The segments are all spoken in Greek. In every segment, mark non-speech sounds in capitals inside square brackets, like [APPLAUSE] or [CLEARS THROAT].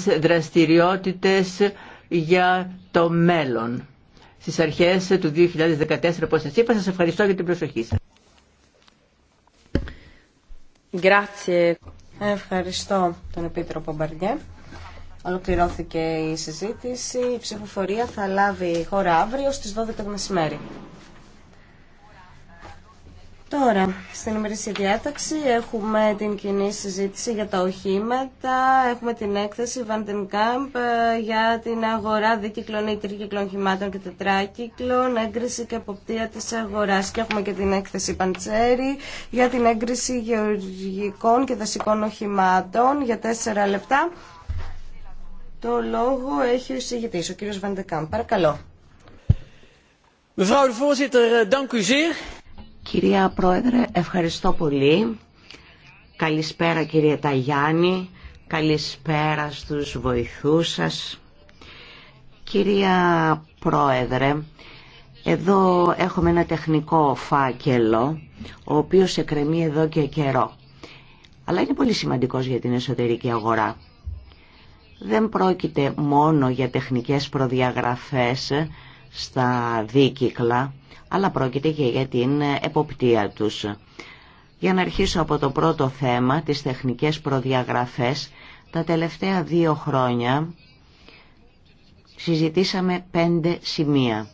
δραστηριότητες για το μέλλον. Στις αρχές του 2014, όπως σας είπα, σας ευχαριστώ για την προσοχή σας. Ευχαριστώ τον Επίτροπο Μπαρνιέ. Ολοκληρώθηκε η συζήτηση. Η ψηφοφορία θα λάβει χώρα αύριο στις 12 μεσημέρι. Τώρα, στην ημερήσια διάταξη έχουμε την κοινή συζήτηση για τα οχήματα, έχουμε την έκθεση Vandenkamp ε, για την αγορά δίκυκλων ή τρικυκλών χυμάτων και τετράκυκλων, έγκριση και αποπτία της αγοράς και έχουμε και την έκθεση Παντσέρη για την έγκριση γεωργικών και δασικών οχημάτων για τέσσερα λεπτά. Το λόγο έχει ο εισηγητής, ο κύριος Vandenkamp. Παρακαλώ. Mevrouw de voorzitter, eh, dank Κυρία Πρόεδρε, ευχαριστώ πολύ. Καλησπέρα κύριε Ταγιάννη, καλησπέρα στους βοηθούς σας. Κυρία Πρόεδρε, εδώ έχουμε ένα τεχνικό φάκελο, ο οποίος εκκρεμεί εδώ και καιρό. Αλλά είναι πολύ σημαντικός για την εσωτερική αγορά. Δεν πρόκειται μόνο για τεχνικές προδιαγραφές στα δίκυκλα, αλλά πρόκειται και για την εποπτεία τους. Για να αρχίσω από το πρώτο θέμα, τις τεχνικές προδιαγραφές, τα τελευταία δύο χρόνια συζητήσαμε πέντε σημεία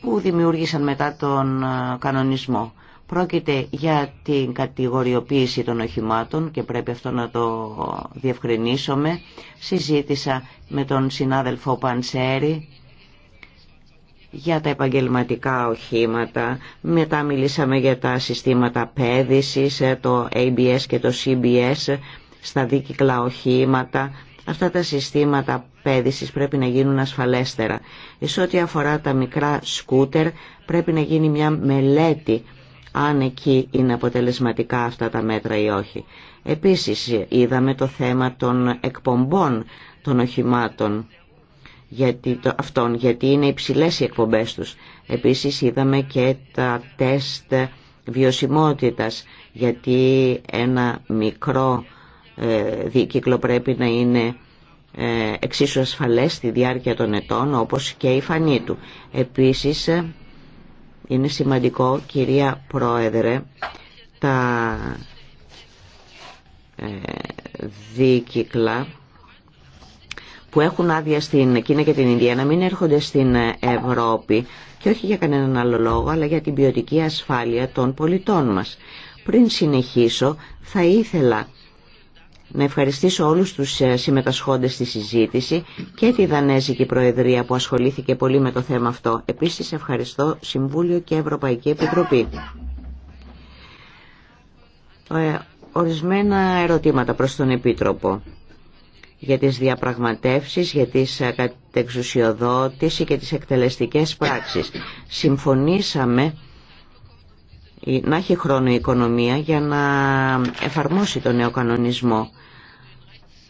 που δημιούργησαν μετά τον κανονισμό. Πρόκειται για την κατηγοριοποίηση των οχημάτων και πρέπει αυτό να το διευκρινίσουμε. Συζήτησα με τον συνάδελφο Πανσέρη για τα επαγγελματικά οχήματα, μετά μιλήσαμε για τα συστήματα πέδησης, ε, το ABS και το CBS, στα δίκυκλα οχήματα. Αυτά τα συστήματα πέδησης πρέπει να γίνουν ασφαλέστερα. Σε ό,τι αφορά τα μικρά σκούτερ πρέπει να γίνει μια μελέτη αν εκεί είναι αποτελεσματικά αυτά τα μέτρα ή όχι. Επίσης είδαμε το θέμα των εκπομπών των οχημάτων γιατί το, γιατί είναι υψηλές οι εκπομπές τους. Επίσης είδαμε και τα τεστ βιωσιμότητας, γιατί ένα μικρό ε, δίκυκλο πρέπει να είναι ε, εξίσου ασφαλές στη διάρκεια των ετών, όπως και η φανή του. Επίσης, ε, είναι σημαντικό, κυρία Πρόεδρε, τα ε, δίκυκλα που έχουν άδεια στην Κίνα και την Ινδία να μην έρχονται στην Ευρώπη και όχι για κανέναν άλλο λόγο αλλά για την ποιοτική ασφάλεια των πολιτών μας. Πριν συνεχίσω θα ήθελα να ευχαριστήσω όλους τους ε, συμμετασχόντες στη συζήτηση και τη Δανέζικη Προεδρία που ασχολήθηκε πολύ με το θέμα αυτό. Επίσης ευχαριστώ Συμβούλιο και Ευρωπαϊκή Επιτροπή. Ε, ορισμένα ερωτήματα προς τον Επίτροπο για τις διαπραγματεύσεις, για τις ε, εξουσιοδότηση και τις εκτελεστικές πράξεις. Συμφωνήσαμε να έχει χρόνο η οικονομία για να εφαρμόσει τον νέο κανονισμό.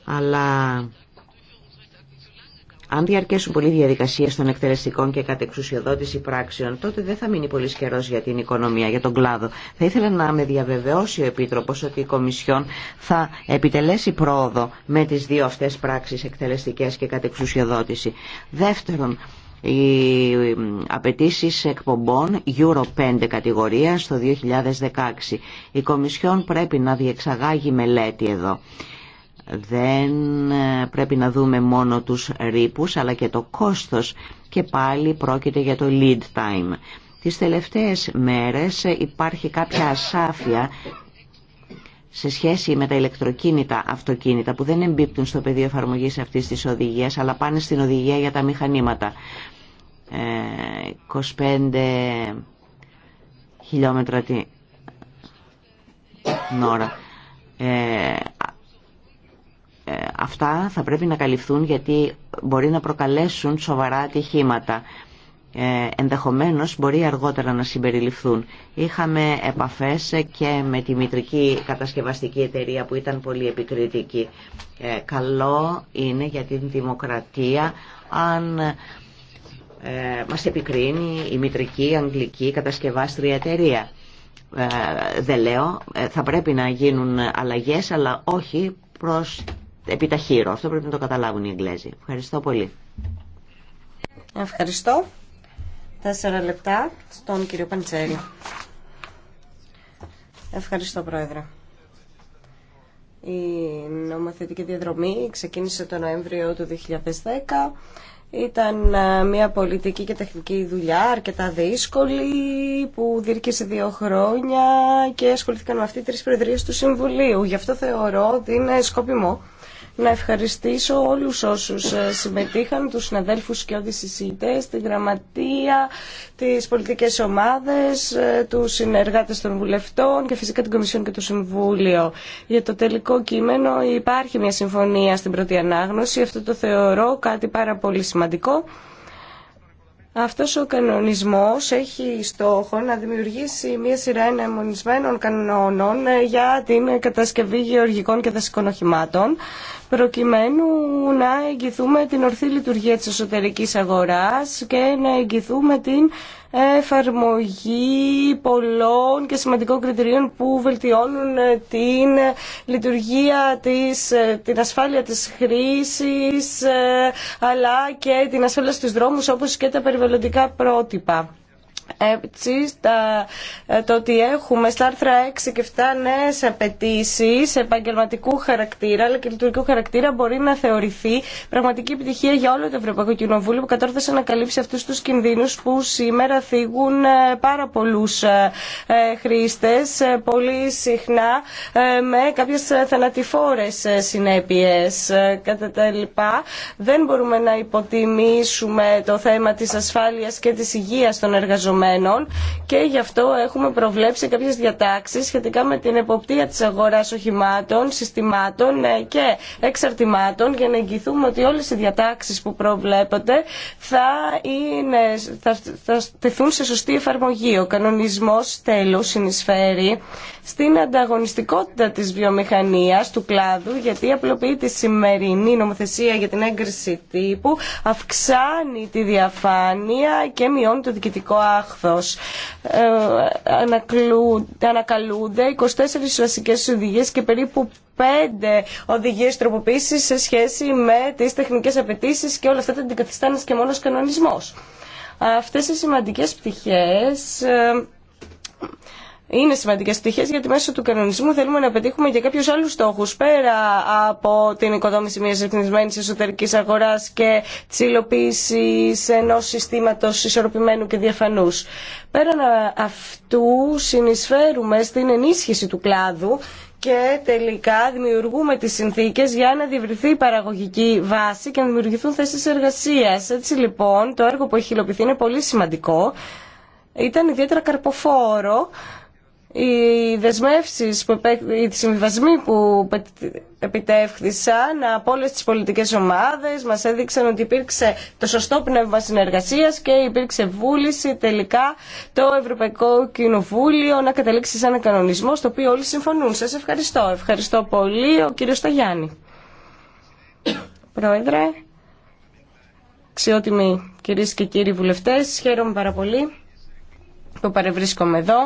Αλλά αν διαρκέσουν πολλοί διαδικασίε των εκτελεστικών και κατεξουσιοδότηση πράξεων, τότε δεν θα μείνει πολύ καιρό για την οικονομία, για τον κλάδο. Θα ήθελα να με διαβεβαιώσει ο Επίτροπο ότι η Κομισιόν θα επιτελέσει πρόοδο με τι δύο αυτέ πράξει, εκτελεστικέ και κατεξουσιοδότηση. Δεύτερον, οι απαιτήσει εκπομπών Euro 5 κατηγορία το 2016. Η Κομισιόν πρέπει να διεξαγάγει μελέτη εδώ. Δεν ε, πρέπει να δούμε μόνο τους ρήπους αλλά και το κόστος και πάλι πρόκειται για το lead time. Τις τελευταίες μέρες υπάρχει κάποια ασάφεια σε σχέση με τα ηλεκτροκίνητα αυτοκίνητα που δεν εμπίπτουν στο πεδίο εφαρμογή αυτής της οδηγίας αλλά πάνε στην οδηγία για τα μηχανήματα. 25 ε, χιλιόμετρα την ώρα. Ε, ε, αυτά θα πρέπει να καλυφθούν γιατί μπορεί να προκαλέσουν σοβαρά ατυχήματα. Ε, ενδεχομένως μπορεί αργότερα να συμπεριληφθούν. Είχαμε επαφές και με τη μητρική κατασκευαστική εταιρεία που ήταν πολύ επικριτική. Ε, καλό είναι για την δημοκρατία αν ε, μας επικρίνει η μητρική αγγλική κατασκευάστρια εταιρεία. Ε, δεν λέω, θα πρέπει να γίνουν αλλαγές αλλά όχι προς επιταχύρω. Αυτό πρέπει να το καταλάβουν οι Εγγλέζοι. Ευχαριστώ πολύ. Ευχαριστώ. Τέσσερα λεπτά στον κύριο Παντσέλη. Ευχαριστώ, Πρόεδρε. Η νομοθετική διαδρομή ξεκίνησε το Νοέμβριο του 2010. Ήταν ε, μια πολιτική και τεχνική δουλειά αρκετά δύσκολη που διήρκησε δύο χρόνια και ασχολήθηκαν με αυτή τρεις προεδρίες του Συμβουλίου. Γι' αυτό θεωρώ ότι είναι σκόπιμο να ευχαριστήσω όλους όσους ε, συμμετείχαν, τους συναδέλφους και συζητές, τη γραμματεία, τις πολιτικές ομάδες, ε, τους συνεργάτες των βουλευτών και φυσικά την Κομισιόν και το Συμβούλιο. Για το τελικό κείμενο υπάρχει μια συμφωνία στην πρώτη ανάγνωση, αυτό το θεωρώ κάτι πάρα πολύ σημαντικό. Αυτός ο κανονισμός έχει στόχο να δημιουργήσει μια σειρά εναιμονισμένων κανόνων ε, για την κατασκευή γεωργικών και δασικών οχημάτων προκειμένου να εγγυθούμε την ορθή λειτουργία της εσωτερικής αγοράς και να εγγυθούμε την εφαρμογή πολλών και σημαντικών κριτηρίων που βελτιώνουν ε, την λειτουργία της, ε, την ασφάλεια της χρήσης ε, αλλά και την ασφάλεια στους δρόμους όπως και τα περιβαλλοντικά πρότυπα έτσι ε, το ότι έχουμε στα άρθρα 6 και 7 νέε απαιτήσει επαγγελματικού χαρακτήρα αλλά και λειτουργικού χαρακτήρα μπορεί να θεωρηθεί πραγματική επιτυχία για όλο το Ευρωπαϊκό Κοινοβούλιο που κατόρθωσε να καλύψει αυτού του κινδύνου που σήμερα θίγουν ε, πάρα πολλού ε, χρήστε πολύ συχνά με κάποιε θανατηφόρε συνέπειε κατά τα λοιπά. Δεν μπορούμε να υποτιμήσουμε το θέμα τη ασφάλεια και τη υγεία των εργαζομένων και γι' αυτό έχουμε προβλέψει κάποιες διατάξεις σχετικά με την εποπτεία της αγοράς οχημάτων, συστημάτων ε, και εξαρτημάτων για να εγγυηθούμε ότι όλες οι διατάξεις που προβλέπονται θα, είναι, θα, θα σε σωστή εφαρμογή. Ο κανονισμός τέλος συνεισφέρει στην ανταγωνιστικότητα της βιομηχανίας, του κλάδου, γιατί απλοποιεί τη σημερινή νομοθεσία για την έγκριση τύπου, αυξάνει τη διαφάνεια και μειώνει το διοικητικό ε, ανακαλούνται 24 βασικές οδηγίες και περίπου 5 οδηγίες τροποποίησης σε σχέση με τις τεχνικές απαιτήσει και όλα αυτά τα αντικαθιστάνε και μόνος κανονισμός. Αυτές οι σημαντικές πτυχές ε, είναι σημαντικέ πτυχέ γιατί μέσω του κανονισμού θέλουμε να πετύχουμε και κάποιου άλλου στόχου πέρα από την οικοδόμηση μια ρυθμισμένη εσωτερική αγορά και τη υλοποίηση ενό συστήματο ισορροπημένου και διαφανού. Πέραν αυτού συνεισφέρουμε στην ενίσχυση του κλάδου και τελικά δημιουργούμε τις συνθήκες για να διευρυθεί η παραγωγική βάση και να δημιουργηθούν θέσεις εργασίας. Έτσι λοιπόν το έργο που έχει υλοποιηθεί είναι πολύ σημαντικό. Ήταν ιδιαίτερα καρποφόρο οι δεσμεύσεις, που, οι συμβιβασμοί που επιτεύχθησαν από όλε τις πολιτικές ομάδες μας έδειξαν ότι υπήρξε το σωστό πνεύμα συνεργασίας και υπήρξε βούληση τελικά το Ευρωπαϊκό Κοινοβούλιο να καταλήξει σε ένα κανονισμό στο οποίο όλοι συμφωνούν. Σας ευχαριστώ. Ευχαριστώ πολύ ο κύριος Σταγιάννη. Πρόεδρε, αξιότιμοι κυρίες και κύριοι βουλευτές, χαίρομαι πάρα πολύ που παρευρίσκομαι εδώ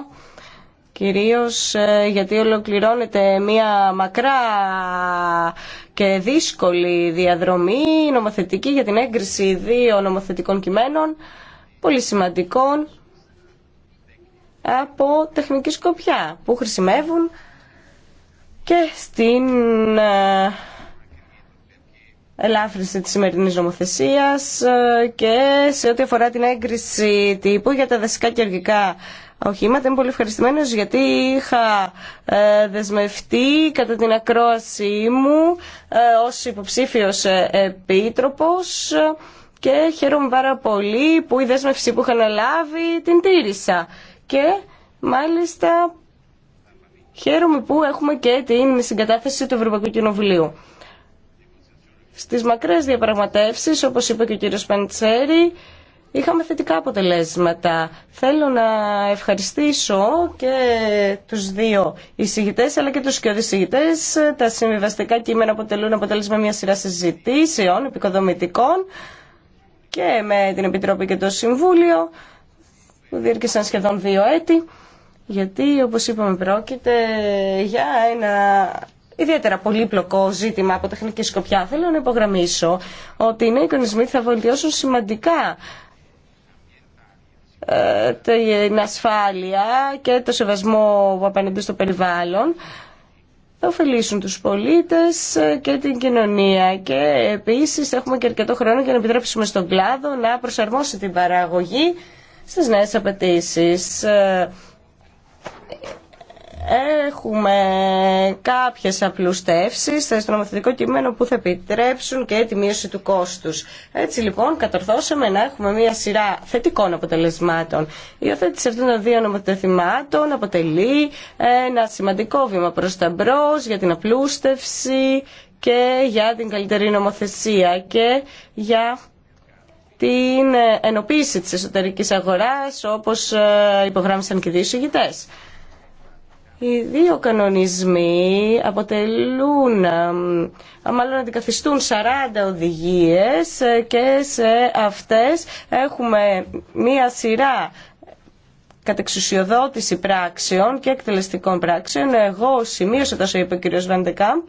κυρίως ε, γιατί ολοκληρώνεται μια μακρά και δύσκολη διαδρομή νομοθετική για την έγκριση δύο νομοθετικών κειμένων, πολύ σημαντικών, από τεχνική σκοπιά, που χρησιμεύουν και στην ε, ελάφρυνση της σημερινής νομοθεσίας ε, και σε ό,τι αφορά την έγκριση τύπου για τα δασικά και αργικά οχήματα. Είμαι πολύ ευχαριστημένο γιατί είχα ε, δεσμευτεί κατά την ακρόασή μου ε, ως υποψήφιος επίτροπος και χαίρομαι πάρα πολύ που η δέσμευση που είχα λάβει την τήρησα. Και μάλιστα χαίρομαι που έχουμε και την συγκατάθεση του Ευρωπαϊκού Κοινοβουλίου. Στις μακρές διαπραγματεύσεις, όπως είπε και ο κύριος Πεντσέρη, είχαμε θετικά αποτελέσματα. Θέλω να ευχαριστήσω και τους δύο εισηγητές αλλά και τους και εισηγητές. Τα συμβιβαστικά κείμενα αποτελούν αποτέλεσμα μια σειρά συζητήσεων επικοδομητικών και με την Επιτροπή και το Συμβούλιο που διήρκησαν σχεδόν δύο έτη γιατί όπως είπαμε πρόκειται για ένα ιδιαίτερα πολύπλοκο ζήτημα από τεχνική σκοπιά. Θέλω να υπογραμμίσω ότι οι νέοι οικονομισμοί θα βελτιώσουν σημαντικά ε, την ασφάλεια και το σεβασμό απέναντι στο περιβάλλον θα ωφελήσουν τους πολίτες ε, και την κοινωνία και επίσης έχουμε και αρκετό χρόνο για να επιτρέψουμε στον κλάδο να προσαρμόσει την παραγωγή στις νέες απαιτήσει. Ε, Έχουμε κάποιες απλουστεύσεις στο νομοθετικό κείμενο που θα επιτρέψουν και τη μείωση του κόστους. Έτσι λοιπόν κατορθώσαμε να έχουμε μια σειρά θετικών αποτελεσμάτων. Η οθέτηση αυτών των δύο νομοθετημάτων αποτελεί ένα σημαντικό βήμα προς τα μπρος για την απλούστευση και για την καλύτερη νομοθεσία και για την ενοποίηση της εσωτερικής αγοράς όπως ε, υπογράμμισαν και δύο οι δύο κανονισμοί αποτελούν, μάλλον αντικαθιστούν 40 οδηγίες ε, και σε αυτές έχουμε μία σειρά κατεξουσιοδότηση πράξεων και εκτελεστικών πράξεων. Εγώ σημείωσα τόσο είπε ο κ. Βαντεκάμπ,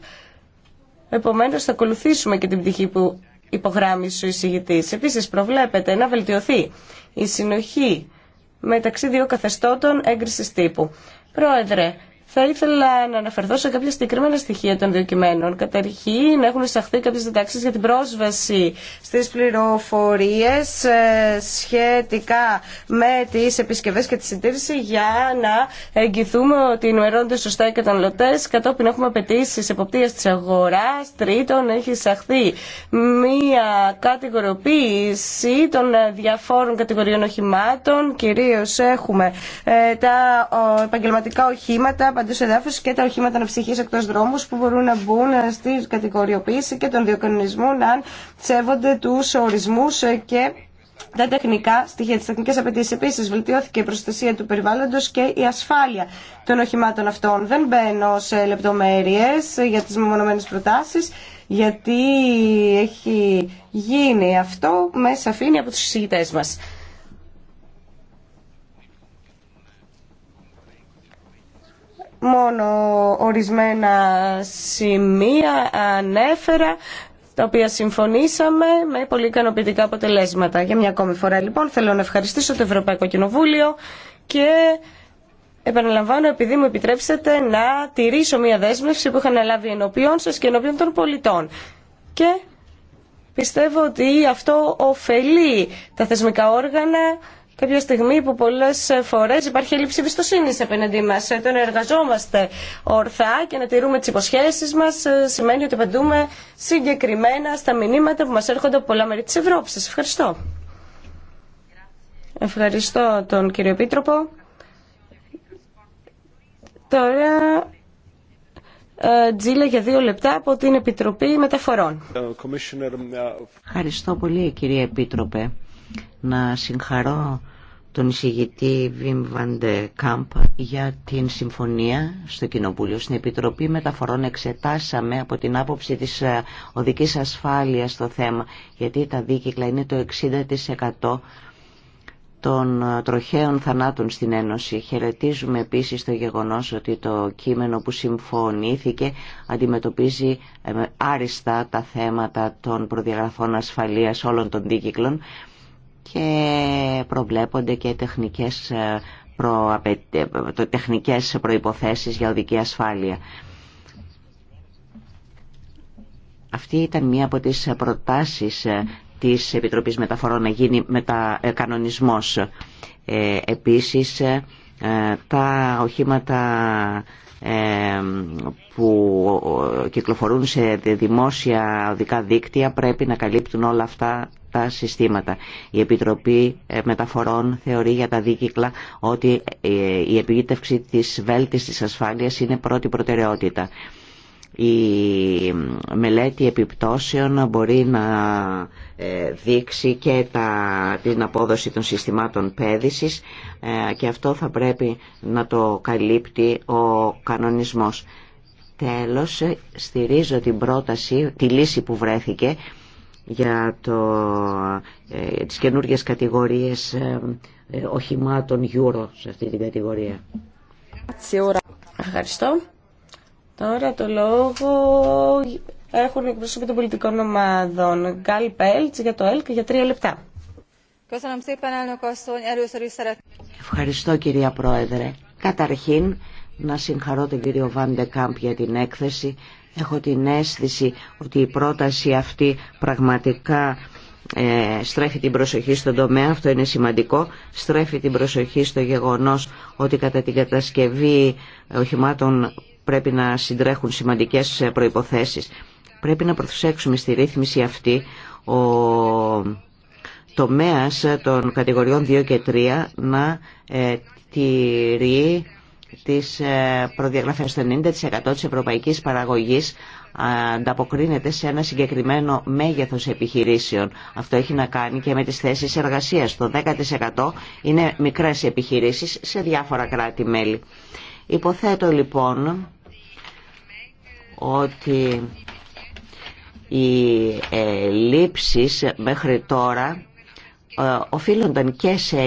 επομένως θα ακολουθήσουμε και την πτυχή που υπογράμμισε ο εισηγητής. Επίσης προβλέπεται να βελτιωθεί η συνοχή μεταξύ δύο καθεστώτων έγκρισης τύπου. Πρόεδρε, θα ήθελα να αναφερθώ σε κάποια συγκεκριμένα στοιχεία των δύο κειμένων. Καταρχήν, έχουν εισαχθεί κάποιε διτάξει για την πρόσβαση στι πληροφορίε ε, σχετικά με τι επισκευέ και τη συντήρηση για να εγγυθούμε ότι ενημερώνονται σωστά οι καταναλωτέ. Κατόπιν, έχουμε απαιτήσει εποπτεία τη αγορά. Τρίτον, έχει εισαχθεί μία κατηγοριοποίηση των διαφόρων κατηγοριών οχημάτων. Κυρίω έχουμε ε, τα επαγγελματικά οχήματα παντού εδάφου και τα οχήματα αναψυχή εκτό δρόμου που μπορούν να μπουν στη κατηγοριοποίηση και των διοκανονισμών αν σέβονται του ορισμού και τα τεχνικά στοιχεία, τι τεχνικέ απαιτήσει. Επίση, βελτιώθηκε η προστασία του περιβάλλοντο και η ασφάλεια των οχημάτων αυτών. Δεν μπαίνω σε λεπτομέρειε για τι μεμονωμένε προτάσει, γιατί έχει γίνει αυτό με σαφήνεια από του συζητητέ μα. μόνο ορισμένα σημεία ανέφερα τα οποία συμφωνήσαμε με πολύ ικανοποιητικά αποτελέσματα. Για μια ακόμη φορά λοιπόν θέλω να ευχαριστήσω το Ευρωπαϊκό Κοινοβούλιο και επαναλαμβάνω επειδή μου επιτρέψετε να τηρήσω μια δέσμευση που είχα λάβει ενώπιον σας και ενώπιον των πολιτών. Και πιστεύω ότι αυτό ωφελεί τα θεσμικά όργανα κάποια στιγμή που πολλέ φορέ υπάρχει έλλειψη εμπιστοσύνη απέναντί μα. Ε, το να εργαζόμαστε ορθά και να τηρούμε τι υποσχέσει μα ε, σημαίνει ότι απαντούμε συγκεκριμένα στα μηνύματα που μα έρχονται από πολλά μέρη τη Ευρώπη. Σα ευχαριστώ. Ευχαριστώ τον κύριο Επίτροπο. Τώρα ε, Τζίλα για δύο λεπτά από την Επιτροπή Μεταφορών. Ευχαριστώ πολύ κύριε Επίτροπε να συγχαρώ τον εισηγητή Βιμ Βαντε Κάμπ για την συμφωνία στο Κοινοβούλιο. Στην Επιτροπή Μεταφορών εξετάσαμε από την άποψη της ε, οδικής ασφάλειας το θέμα, γιατί τα δίκυκλα είναι το 60% των ε, τροχαίων θανάτων στην Ένωση. Χαιρετίζουμε επίσης το γεγονός ότι το κείμενο που συμφωνήθηκε αντιμετωπίζει ε, άριστα τα θέματα των προδιαγραφών ασφαλείας όλων των δίκυκλων και προβλέπονται και τεχνικές, ε, προ... Ε, τεχνικές προϋποθέσεις για οδική ασφάλεια. Αυτή ήταν μία από τις προτάσεις ε, της Επιτροπής Μεταφορών να γίνει μετακανονισμός. επίσης, τα οχήματα ε, που κυκλοφορούν σε δημόσια οδικά δίκτυα πρέπει να καλύπτουν όλα αυτά τα συστήματα. Η Επιτροπή ε, Μεταφορών θεωρεί για τα δίκυκλα ότι ε, η επίτευξη της βέλτιστης ασφάλειας είναι πρώτη προτεραιότητα. Η μελέτη επιπτώσεων μπορεί να ε, δείξει και τα, την απόδοση των συστημάτων πέδησης ε, και αυτό θα πρέπει να το καλύπτει ο κανονισμός. Τέλος, στηρίζω την πρόταση, τη λύση που βρέθηκε για το, ε, τις καινούργιες κατηγορίες ε, ε οχημάτων Euro σε αυτή την κατηγορία. Ευχαριστώ. Τώρα το λόγο έχουν εκπροσωπεί των πολιτικών ομάδων. Γκάλ Πέλτ για το ΕΛΚ για τρία λεπτά. Ευχαριστώ κυρία Πρόεδρε. Καταρχήν να συγχαρώ τον κύριο Βάντε Κάμπ για την έκθεση. Έχω την αίσθηση ότι η πρόταση αυτή πραγματικά ε, στρέφει την προσοχή στον τομέα, αυτό είναι σημαντικό, στρέφει την προσοχή στο γεγονός ότι κατά την κατασκευή οχημάτων πρέπει να συντρέχουν σημαντικές προϋποθέσεις. Πρέπει να προσέξουμε στη ρύθμιση αυτή ο τομέας των κατηγοριών 2 και 3 να ε, τηρεί τις ε, προδιαγραφές του 90% της ευρωπαϊκής παραγωγής ανταποκρίνεται σε ένα συγκεκριμένο μέγεθος επιχειρήσεων. Αυτό έχει να κάνει και με τις θέσεις εργασίας. Το 10% είναι μικρές επιχειρήσεις σε διάφορα κράτη-μέλη. Υποθέτω λοιπόν ότι οι ε, λήψεις μέχρι τώρα ε, οφείλονταν και σε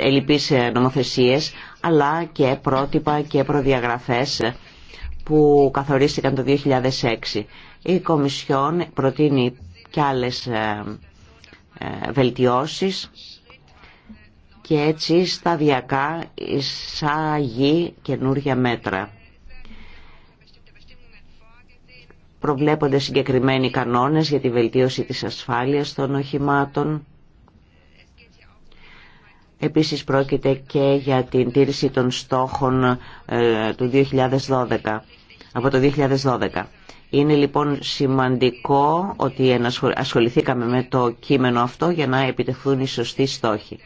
ελλειπείς ε, νομοθεσίες αλλά και πρότυπα και προδιαγραφές που καθορίστηκαν το 2006. Η Κομισιόν προτείνει και άλλες βελτιώσεις και έτσι σταδιακά εισάγει καινούργια μέτρα. προβλέπονται συγκεκριμένοι κανόνες για τη βελτίωση της ασφάλειας των οχημάτων. Επίσης πρόκειται και για την τήρηση των στόχων ε, του 2012, από το 2012. Είναι λοιπόν σημαντικό ότι ασχοληθήκαμε με το κείμενο αυτό για να επιτευχθούν οι σωστοί στόχοι.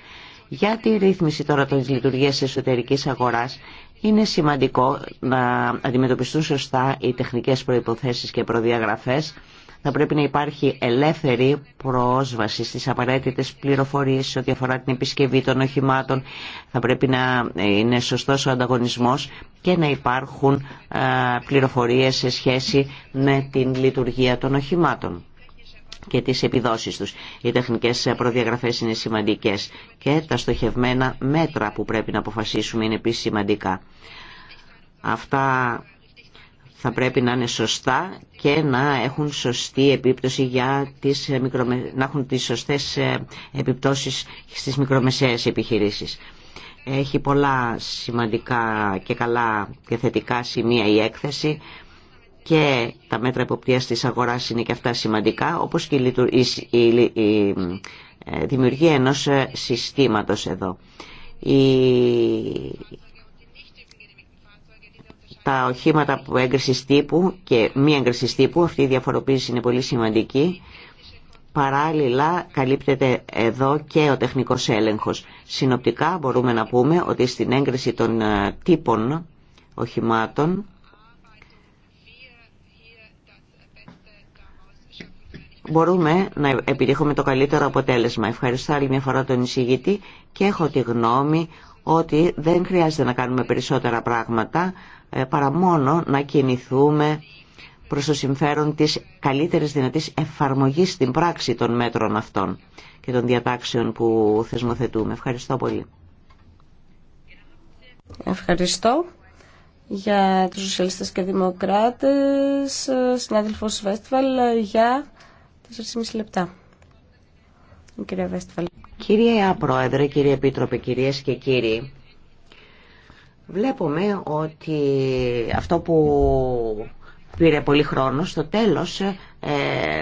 Για τη ρύθμιση τώρα των λειτουργίας εσωτερικής αγοράς είναι σημαντικό να αντιμετωπιστούν σωστά οι τεχνικές προϋποθέσεις και προδιαγραφές. Θα πρέπει να υπάρχει ελεύθερη πρόσβαση στις απαραίτητες πληροφορίες σε ό,τι αφορά την επισκευή των οχημάτων. Θα πρέπει να είναι σωστός ο ανταγωνισμός και να υπάρχουν πληροφορίες σε σχέση με την λειτουργία των οχημάτων και τις επιδόσεις τους. Οι τεχνικές προδιαγραφές είναι σημαντικές και τα στοχευμένα μέτρα που πρέπει να αποφασίσουμε είναι επίσης σημαντικά. Αυτά θα πρέπει να είναι σωστά και να έχουν σωστή επίπτωση για τις ε, μικρομε... να έχουν τις σωστές ε, επιπτώσεις στις μικρομεσαίες επιχειρήσεις. Έχει πολλά σημαντικά και καλά και θετικά σημεία η έκθεση και τα μέτρα εποπτείας της αγοράς είναι και αυτά σημαντικά, όπως και η, ε, δημιουργία ενός ε, συστήματος εδώ. Η... Τα οχήματα που έγκρισης τύπου και μη έγκρισης τύπου, αυτή η διαφοροποίηση είναι πολύ σημαντική. Παράλληλα καλύπτεται εδώ και ο τεχνικός έλεγχος. Συνοπτικά μπορούμε να πούμε ότι στην έγκριση των ε, τύπων οχημάτων μπορούμε να επιτύχουμε το καλύτερο αποτέλεσμα. Ευχαριστώ άλλη μια φορά τον εισηγητή και έχω τη γνώμη ότι δεν χρειάζεται να κάνουμε περισσότερα πράγματα ε, παρά μόνο να κινηθούμε προς το συμφέρον της καλύτερης δυνατής εφαρμογής στην πράξη των μέτρων αυτών και των διατάξεων που θεσμοθετούμε. Ευχαριστώ πολύ. Ευχαριστώ. Για τους σοσιαλιστές και δημοκράτες, ε, συνάδελφος Βέστβαλ, ε, για 4,5 λεπτά. Κυρία Κύριε Πρόεδρε, κύριε Επίτροπε, κυρίες και κύριοι, βλέπουμε ότι αυτό που πήρε πολύ χρόνο, στο τέλος ε,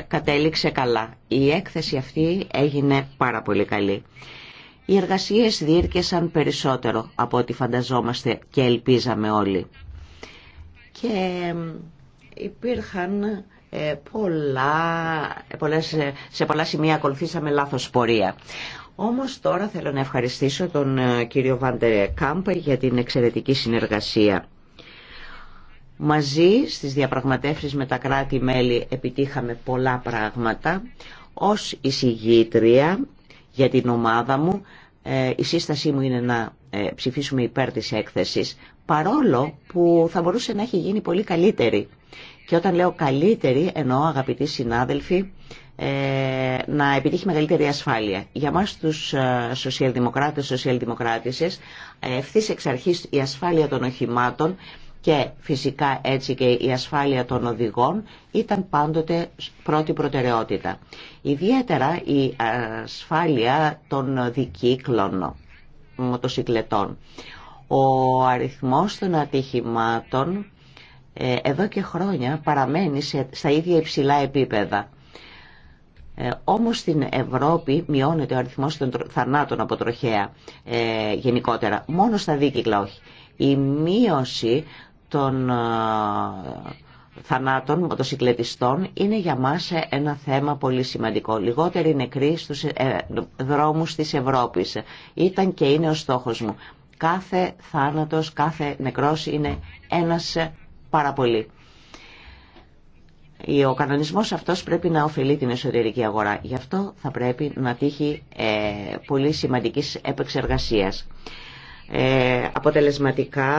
κατέληξε καλά. Η έκθεση αυτή έγινε πάρα πολύ καλή. Οι εργασίες διήρκεσαν περισσότερο από ό,τι φανταζόμαστε και ελπίζαμε όλοι. Και ε, υπήρχαν ε, πολλά, πολλές, σε πολλά σημεία ακολουθήσαμε λάθος πορεία. Όμως τώρα θέλω να ευχαριστήσω τον ε, κύριο Βάντερ Κάμπ για την εξαιρετική συνεργασία. Μαζί στις διαπραγματεύσεις με τα κράτη-μέλη επιτύχαμε πολλά πράγματα. Ως εισηγήτρια για την ομάδα μου, ε, η σύστασή μου είναι να ψηφίσουμε υπέρ της έκθεσης, παρόλο που θα μπορούσε να έχει γίνει πολύ καλύτερη. Και όταν λέω καλύτερη, εννοώ αγαπητοί συνάδελφοι, ε, να επιτύχει μεγαλύτερη ασφάλεια. Για μας τους ε, σοσιαλδημοκράτες, σοσιαλδημοκράτησες, ε, ευθύ εξ αρχής η ασφάλεια των οχημάτων και φυσικά έτσι και η ασφάλεια των οδηγών ήταν πάντοτε πρώτη προτεραιότητα. Ιδιαίτερα η ασφάλεια των δικύκλων μοτοσυκλετών. Ο αριθμός των ατυχημάτων ε, εδώ και χρόνια παραμένει σε, στα ίδια υψηλά επίπεδα. Ε, όμως στην Ευρώπη μειώνεται ο αριθμός των θανάτων από τροχέα ε, γενικότερα. Μόνο στα δίκυκλα όχι. Η μείωση των ε, θανάτων μοτοσυκλετιστών είναι για μας ένα θέμα πολύ σημαντικό. Λιγότεροι νεκροί στους δρόμους της Ευρώπης. Ήταν και είναι ο στόχος μου. Κάθε θάνατος, κάθε νεκρός είναι ένας πάρα πολύ. Ο κανονισμός αυτός πρέπει να ωφελεί την εσωτερική αγορά. Γι' αυτό θα πρέπει να τύχει ε, πολύ σημαντικής επεξεργασίας. Ε, αποτελεσματικά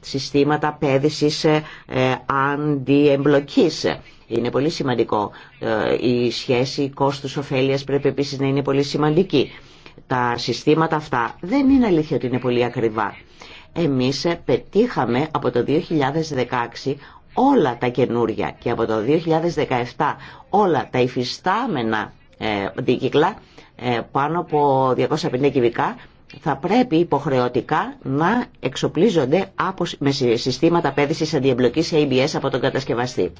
συστήματα πέδησης ε, ε, αντιεμπλοκής. Είναι πολύ σημαντικό. η σχέση ωφέλειας πρέπει επίσης να είναι πολύ σημαντική. Τα συστήματα αυτά δεν είναι αλήθεια ότι είναι πολύ ακριβά εμείς ε, πετύχαμε από το 2016 όλα τα καινούρια και από το 2017 όλα τα υφιστάμενα δίκυκλα ε, ε, πάνω από 250 κυβικά θα πρέπει υποχρεωτικά να εξοπλίζονται από, με συστήματα πέδησης αντιεμπλοκής ABS από τον κατασκευαστή.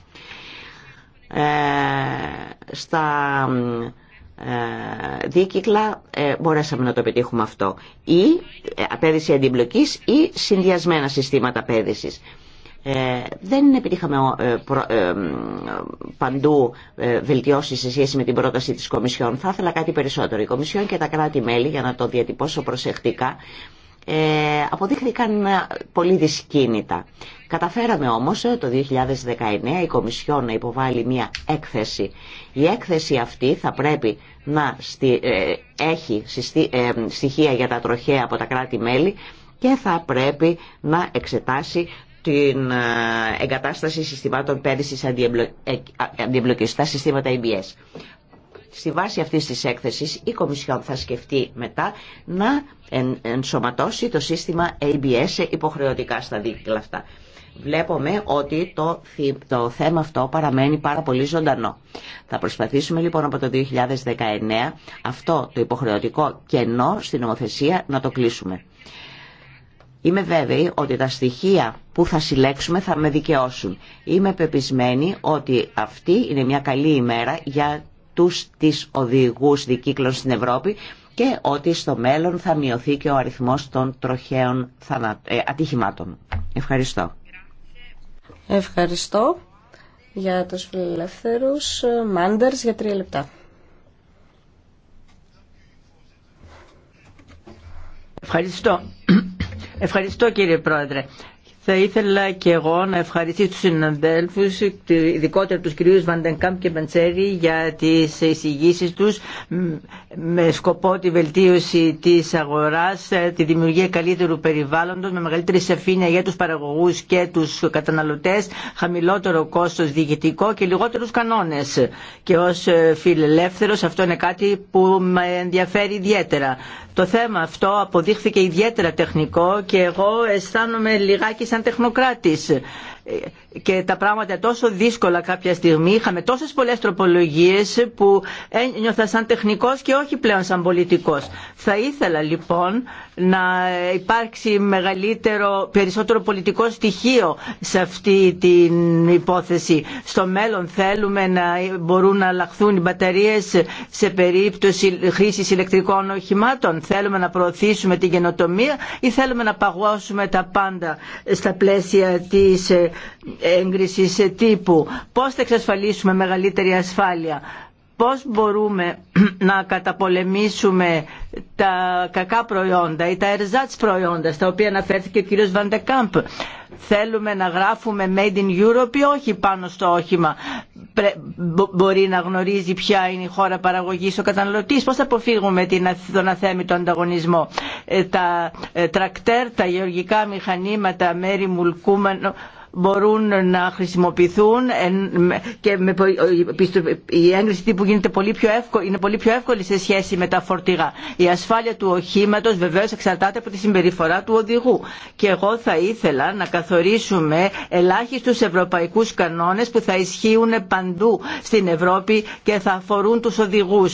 στα ε, δίκυκλα ε, μπορέσαμε να το πετύχουμε αυτό. Ή ε, απέδηση αντιμπλοκής ή συνδυασμένα συστήματα απέδησης. δεν επιτύχαμε παντού βελτιώσεις σε σχέση με την πρόταση της Κομισιόν. Θα ήθελα κάτι περισσότερο. Η Κομισιόν και τα κράτη-μέλη, για να το διατυπώσω προσεκτικά, αποδείχθηκαν πολύ δυσκίνητα. Καταφέραμε όμως ε, το 2019 η Κομισιόν να υποβάλει μια έκθεση. Η έκθεση αυτή θα πρέπει να ε, έχει ε, στοιχεία για τα τροχέα από τα κράτη-μέλη και θα πρέπει να εξετάσει την εγκατάσταση συστημάτων πέρυσις αντιεμπλοκής τα συστήματα ABS. Στη βάση αυτής της έκθεσης η Κομισιόν θα σκεφτεί μετά να ενσωματώσει το σύστημα ABS υποχρεωτικά στα δίκτυα αυτά βλέπουμε ότι το, το θέμα αυτό παραμένει πάρα πολύ ζωντανό. Θα προσπαθήσουμε λοιπόν από το 2019 αυτό το υποχρεωτικό κενό στην νομοθεσία να το κλείσουμε. Είμαι βέβαιη ότι τα στοιχεία που θα συλλέξουμε θα με δικαιώσουν. Είμαι πεπισμένη ότι αυτή είναι μια καλή ημέρα για τους τις οδηγούς δικύκλων στην Ευρώπη και ότι στο μέλλον θα μειωθεί και ο αριθμός των τροχαίων ε, ατυχημάτων. Ευχαριστώ. Ευχαριστώ για τους φιλελεύθερους. Μάντερς για τρία λεπτά. Ευχαριστώ. Ευχαριστώ κύριε Πρόεδρε. Θα ήθελα και εγώ να ευχαριστήσω τους συναδέλφους, ειδικότερα τους κυρίους Βαντενκάμπ και Μπεντσέρη για τις εισηγήσεις τους με σκοπό τη βελτίωση της αγοράς, ε, τη δημιουργία καλύτερου περιβάλλοντος με μεγαλύτερη σαφήνεια για τους παραγωγούς και τους καταναλωτές, χαμηλότερο κόστος διοικητικό και λιγότερους κανόνες. Και ως ε, φιλελεύθερος αυτό είναι κάτι που με ενδιαφέρει ιδιαίτερα. Το θέμα αυτό αποδείχθηκε ιδιαίτερα τεχνικό και εγώ αισθάνομαι λιγάκι σαν τεχνοκράτης και τα πράγματα τόσο δύσκολα κάποια στιγμή, είχαμε τόσες πολλές τροπολογίες που ένιωθα σαν τεχνικός και όχι πλέον σαν πολιτικός. Θα ήθελα λοιπόν να υπάρξει μεγαλύτερο, περισσότερο πολιτικό στοιχείο σε αυτή την υπόθεση. Στο μέλλον θέλουμε να μπορούν να αλλάχθουν οι μπαταρίες σε περίπτωση χρήσης ηλεκτρικών οχημάτων. Θέλουμε να προωθήσουμε την καινοτομία ή θέλουμε να παγώσουμε τα πάντα στα πλαίσια της ε, σε τύπου. Πώς θα εξασφαλίσουμε μεγαλύτερη ασφάλεια. Πώς μπορούμε [CLEARS THROAT] να καταπολεμήσουμε τα κακά προϊόντα ή τα ερζάτς προϊόντα στα οποία αναφέρθηκε ο κύριος Βαντεκάμπ. Θέλουμε να γράφουμε Made in Europe ή όχι πάνω στο όχημα. Μπορεί να γνωρίζει ποια είναι η χώρα παραγωγής ο καταναλωτής. Πώς θα αποφύγουμε τον αθέμητο ανταγωνισμό. Ε, τα ε, τρακτέρ, τα γεωργικά μηχανήματα, μέρη μουλκούμενο μπορούν να χρησιμοποιηθούν και με, η έγκριση τύπου γίνεται πολύ πιο εύκολη, είναι πολύ πιο εύκολη σε σχέση με τα φορτηγά. Η ασφάλεια του οχήματο βεβαίω εξαρτάται από τη συμπεριφορά του οδηγού. Και εγώ θα ήθελα να καθορίσουμε ελάχιστου ευρωπαϊκού κανόνε που θα ισχύουν παντού στην Ευρώπη και θα αφορούν του οδηγού.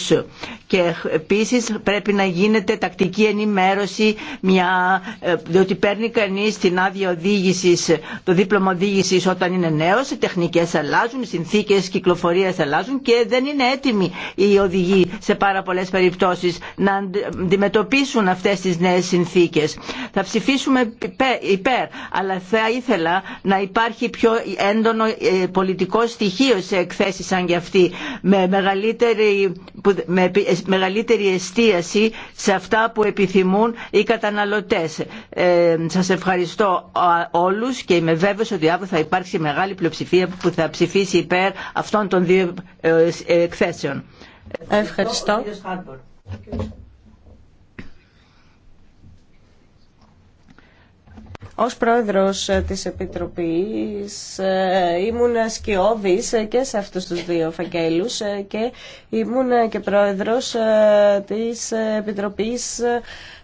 Και επίση πρέπει να γίνεται τακτική ενημέρωση, μια, ε, διότι παίρνει κανεί την άδεια οδήγηση το δίπλωμα οδήγηση όταν είναι νέος, οι τεχνικέ αλλάζουν, οι συνθήκες κυκλοφορίας αλλάζουν και δεν είναι έτοιμοι οι οδηγοί σε πάρα πολλέ περιπτώσεις να αντιμετωπίσουν αυτές τις νέες συνθήκες. Θα ψηφίσουμε υπέρ, αλλά θα ήθελα να υπάρχει πιο έντονο ε, πολιτικό στοιχείο σε εκθέσεις σαν και αυτή, με μεγαλύτερη, με ε, μεγαλύτερη εστίαση σε αυτά που επιθυμούν οι καταναλωτέ. Ε, σας ευχαριστώ όλους και είμαι βέβαιος ότι ότι αύριο θα υπάρξει μεγάλη πλειοψηφία που θα ψηφίσει υπέρ αυτών των δύο ε, εκθέσεων. Ευχαριστώ. Ως πρόεδρος ε, της Επιτροπής ε, ήμουν σκιώδης και σε αυτούς τους δύο φακέλους και ήμουν και πρόεδρος της Επιτροπής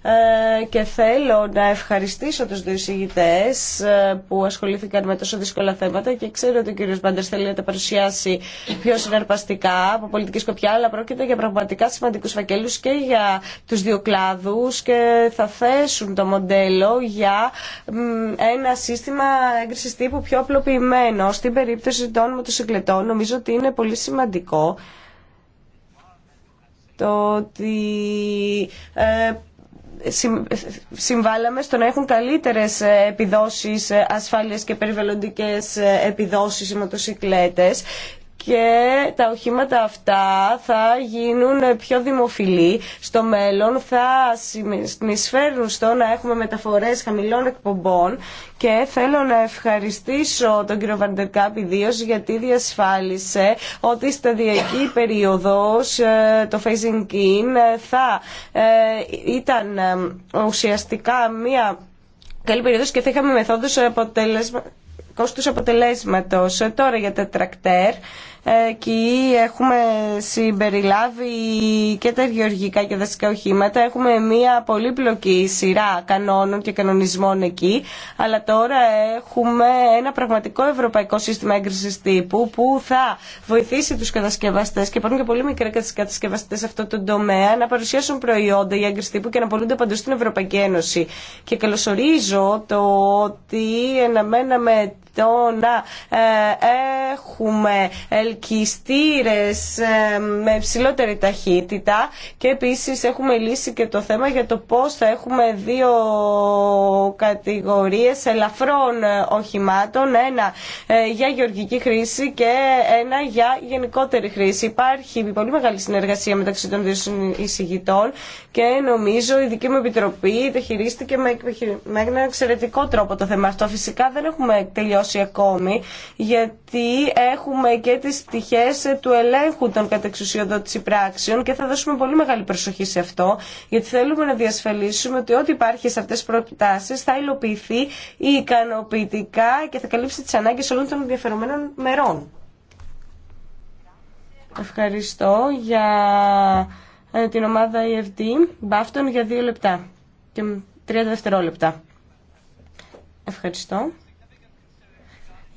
ε, και θέλω να ευχαριστήσω τους δύο ε, που ασχολήθηκαν με τόσο δύσκολα θέματα και ξέρω ότι ο κύριος Μπάντερς θέλει να τα παρουσιάσει πιο συναρπαστικά από πολιτική σκοπιά αλλά πρόκειται για πραγματικά σημαντικούς φακέλους και για τους δύο κλάδους και θα θέσουν το μοντέλο για ένα σύστημα έγκρισης τύπου πιο απλοποιημένο. Στην περίπτωση των μοτοσυκλετών νομίζω ότι είναι πολύ σημαντικό το ότι ε, συμβάλαμε στο να έχουν καλύτερες ε, επιδόσεις ε, ασφάλειας και περιβαλλοντικές ε, επιδόσεις οι μοτοσυκλέτες και τα οχήματα αυτά θα γίνουν πιο δημοφιλή στο μέλλον, θα συνεισφέρουν στο να έχουμε μεταφορές χαμηλών εκπομπών και θέλω να ευχαριστήσω τον κύριο Βαντερκάπ ιδίω γιατί διασφάλισε ότι στα σταδιακή περίοδος ε, το phasing in ε, θα ε, ήταν ουσιαστικά μία καλή περίοδος και θα είχαμε μεθόδους αποτελεσμα κόστος αποτελέσματος. Ε, τώρα για τα τρακτέρ, ε, εκεί έχουμε συμπεριλάβει και τα γεωργικά και δασικά οχήματα. Έχουμε μια πολύπλοκη σειρά κανόνων και κανονισμών εκεί, αλλά τώρα έχουμε ένα πραγματικό ευρωπαϊκό σύστημα έγκρισης τύπου που θα βοηθήσει τους κατασκευαστές και υπάρχουν και πολύ μικρά κατασκευαστές σε αυτό το τομέα να παρουσιάσουν προϊόντα για έγκριση τύπου και να πολλούνται παντού στην Ευρωπαϊκή Ένωση. Και καλωσορίζω το ότι αναμέναμε το να ε, έχουμε ελκυστήρες ε, με ψηλότερη ταχύτητα και επίσης έχουμε λύσει και το θέμα για το πώς θα έχουμε δύο κατηγορίες ελαφρών ε, οχημάτων, ένα για γεωργική χρήση και ένα για γενικότερη χρήση. Υπάρχει πολύ μεγάλη συνεργασία μεταξύ των δύο εισηγητών και νομίζω η δική μου επιτροπή τα χειρίστηκε με ένα εξαιρετικό τρόπο το θέμα αυτό. Φυσικά δεν έχουμε τελειώσει ολοκληρώσει ακόμη, γιατί έχουμε και τις πτυχές του ελέγχου των κατεξουσιοδότηση πράξεων και θα δώσουμε πολύ μεγάλη προσοχή σε αυτό, γιατί θέλουμε να διασφαλίσουμε ότι ό,τι υπάρχει σε αυτές τις προτάσεις θα υλοποιηθεί ικανοποιητικά και θα καλύψει τις ανάγκες όλων των ενδιαφερομένων μερών. Ευχαριστώ για ε, την ομάδα EFD. Μπάφτον για δύο λεπτά και 30 δευτερόλεπτα. Ευχαριστώ.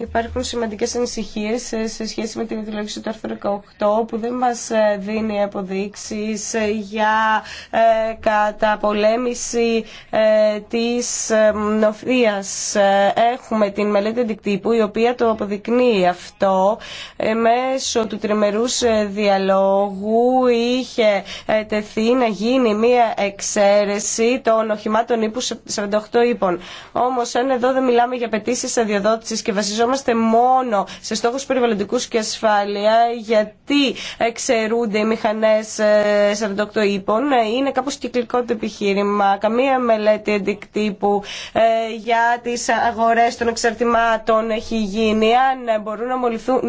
Υπάρχουν σημαντικέ ανησυχίε σε σχέση με την επιλογή του άρθρου 18 που δεν μας ε, δίνει αποδείξεις ε, για ε, καταπολέμηση της νοφείας. Έχουμε την μελέτη αντικτύπου η οποία το αποδεικνύει αυτό. Μέσω του τριμερούς διαλόγου είχε τεθεί να γίνει μία εξαίρεση των οχημάτων ύπου 48 ύπων. Όμως αν εδώ δεν μιλάμε για πετήσεις αδειοδότησης και βασιζόμαστε εστιαζόμαστε μόνο σε στόχους περιβαλλοντικούς και ασφάλεια γιατί εξαιρούνται οι μηχανές 48 ε, ύπων ε, είναι κάπως κυκλικό το επιχείρημα. Καμία μελέτη αντικτύπου ε, για τις αγορές των εξαρτημάτων έχει γίνει. Αν μπορούν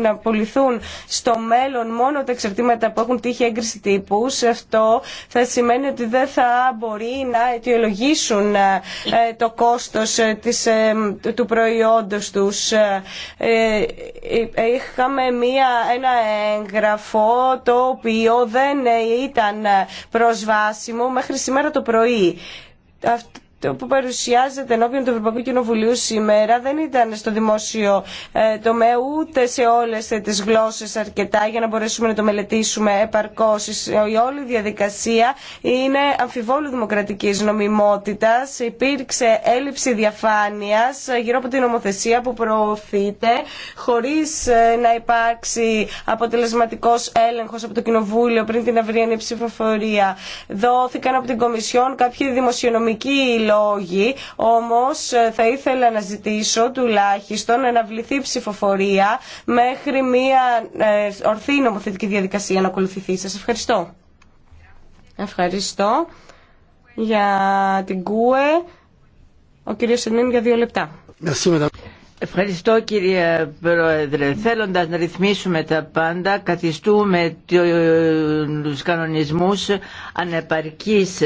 να απολυθούν στο μέλλον μόνο τα εξαρτήματα που έχουν τύχει έγκριση τύπου, αυτό θα σημαίνει ότι δεν θα μπορεί να αιτιολογήσουν το κόστος της, του προϊόντος τους. Ε, ε, είχαμε μία, ένα έγγραφο το οποίο δεν ήταν προσβάσιμο μέχρι σήμερα το πρωί το που παρουσιάζεται ενώπιον του Ευρωπαϊκού Κοινοβουλίου σήμερα δεν ήταν στο δημόσιο ε, τομέα ούτε σε όλε τι γλώσσε αρκετά για να μπορέσουμε να το μελετήσουμε επαρκώ Η όλη διαδικασία είναι αμφιβόλου δημοκρατική νομιμότητα. Υπήρξε έλλειψη διαφάνεια, ε, γύρω από την νομοθεσία που προωθείται χωρίς ε, να υπάρξει αποτελεσματικό έλεγχο από το Κοινοβούλιο πριν την αυριανή ψηφοφορία. Δόθηκαν από την Κομισιόν κάποιοι δημοσιονομικοί λόγοι, όμως ε, θα ήθελα να ζητήσω τουλάχιστον να αναβληθεί ψηφοφορία μέχρι μια ε, ορθή νομοθετική διαδικασία να ακολουθηθεί. Σας ευχαριστώ. Ευχαριστώ για την ΚΟΕ. Ο κύριος Σενίν για δύο λεπτά. Ευχαριστώ κύριε Πρόεδρε. Θέλοντας να ρυθμίσουμε τα πάντα, καθιστούμε τους κανονισμούς ανεπαρκής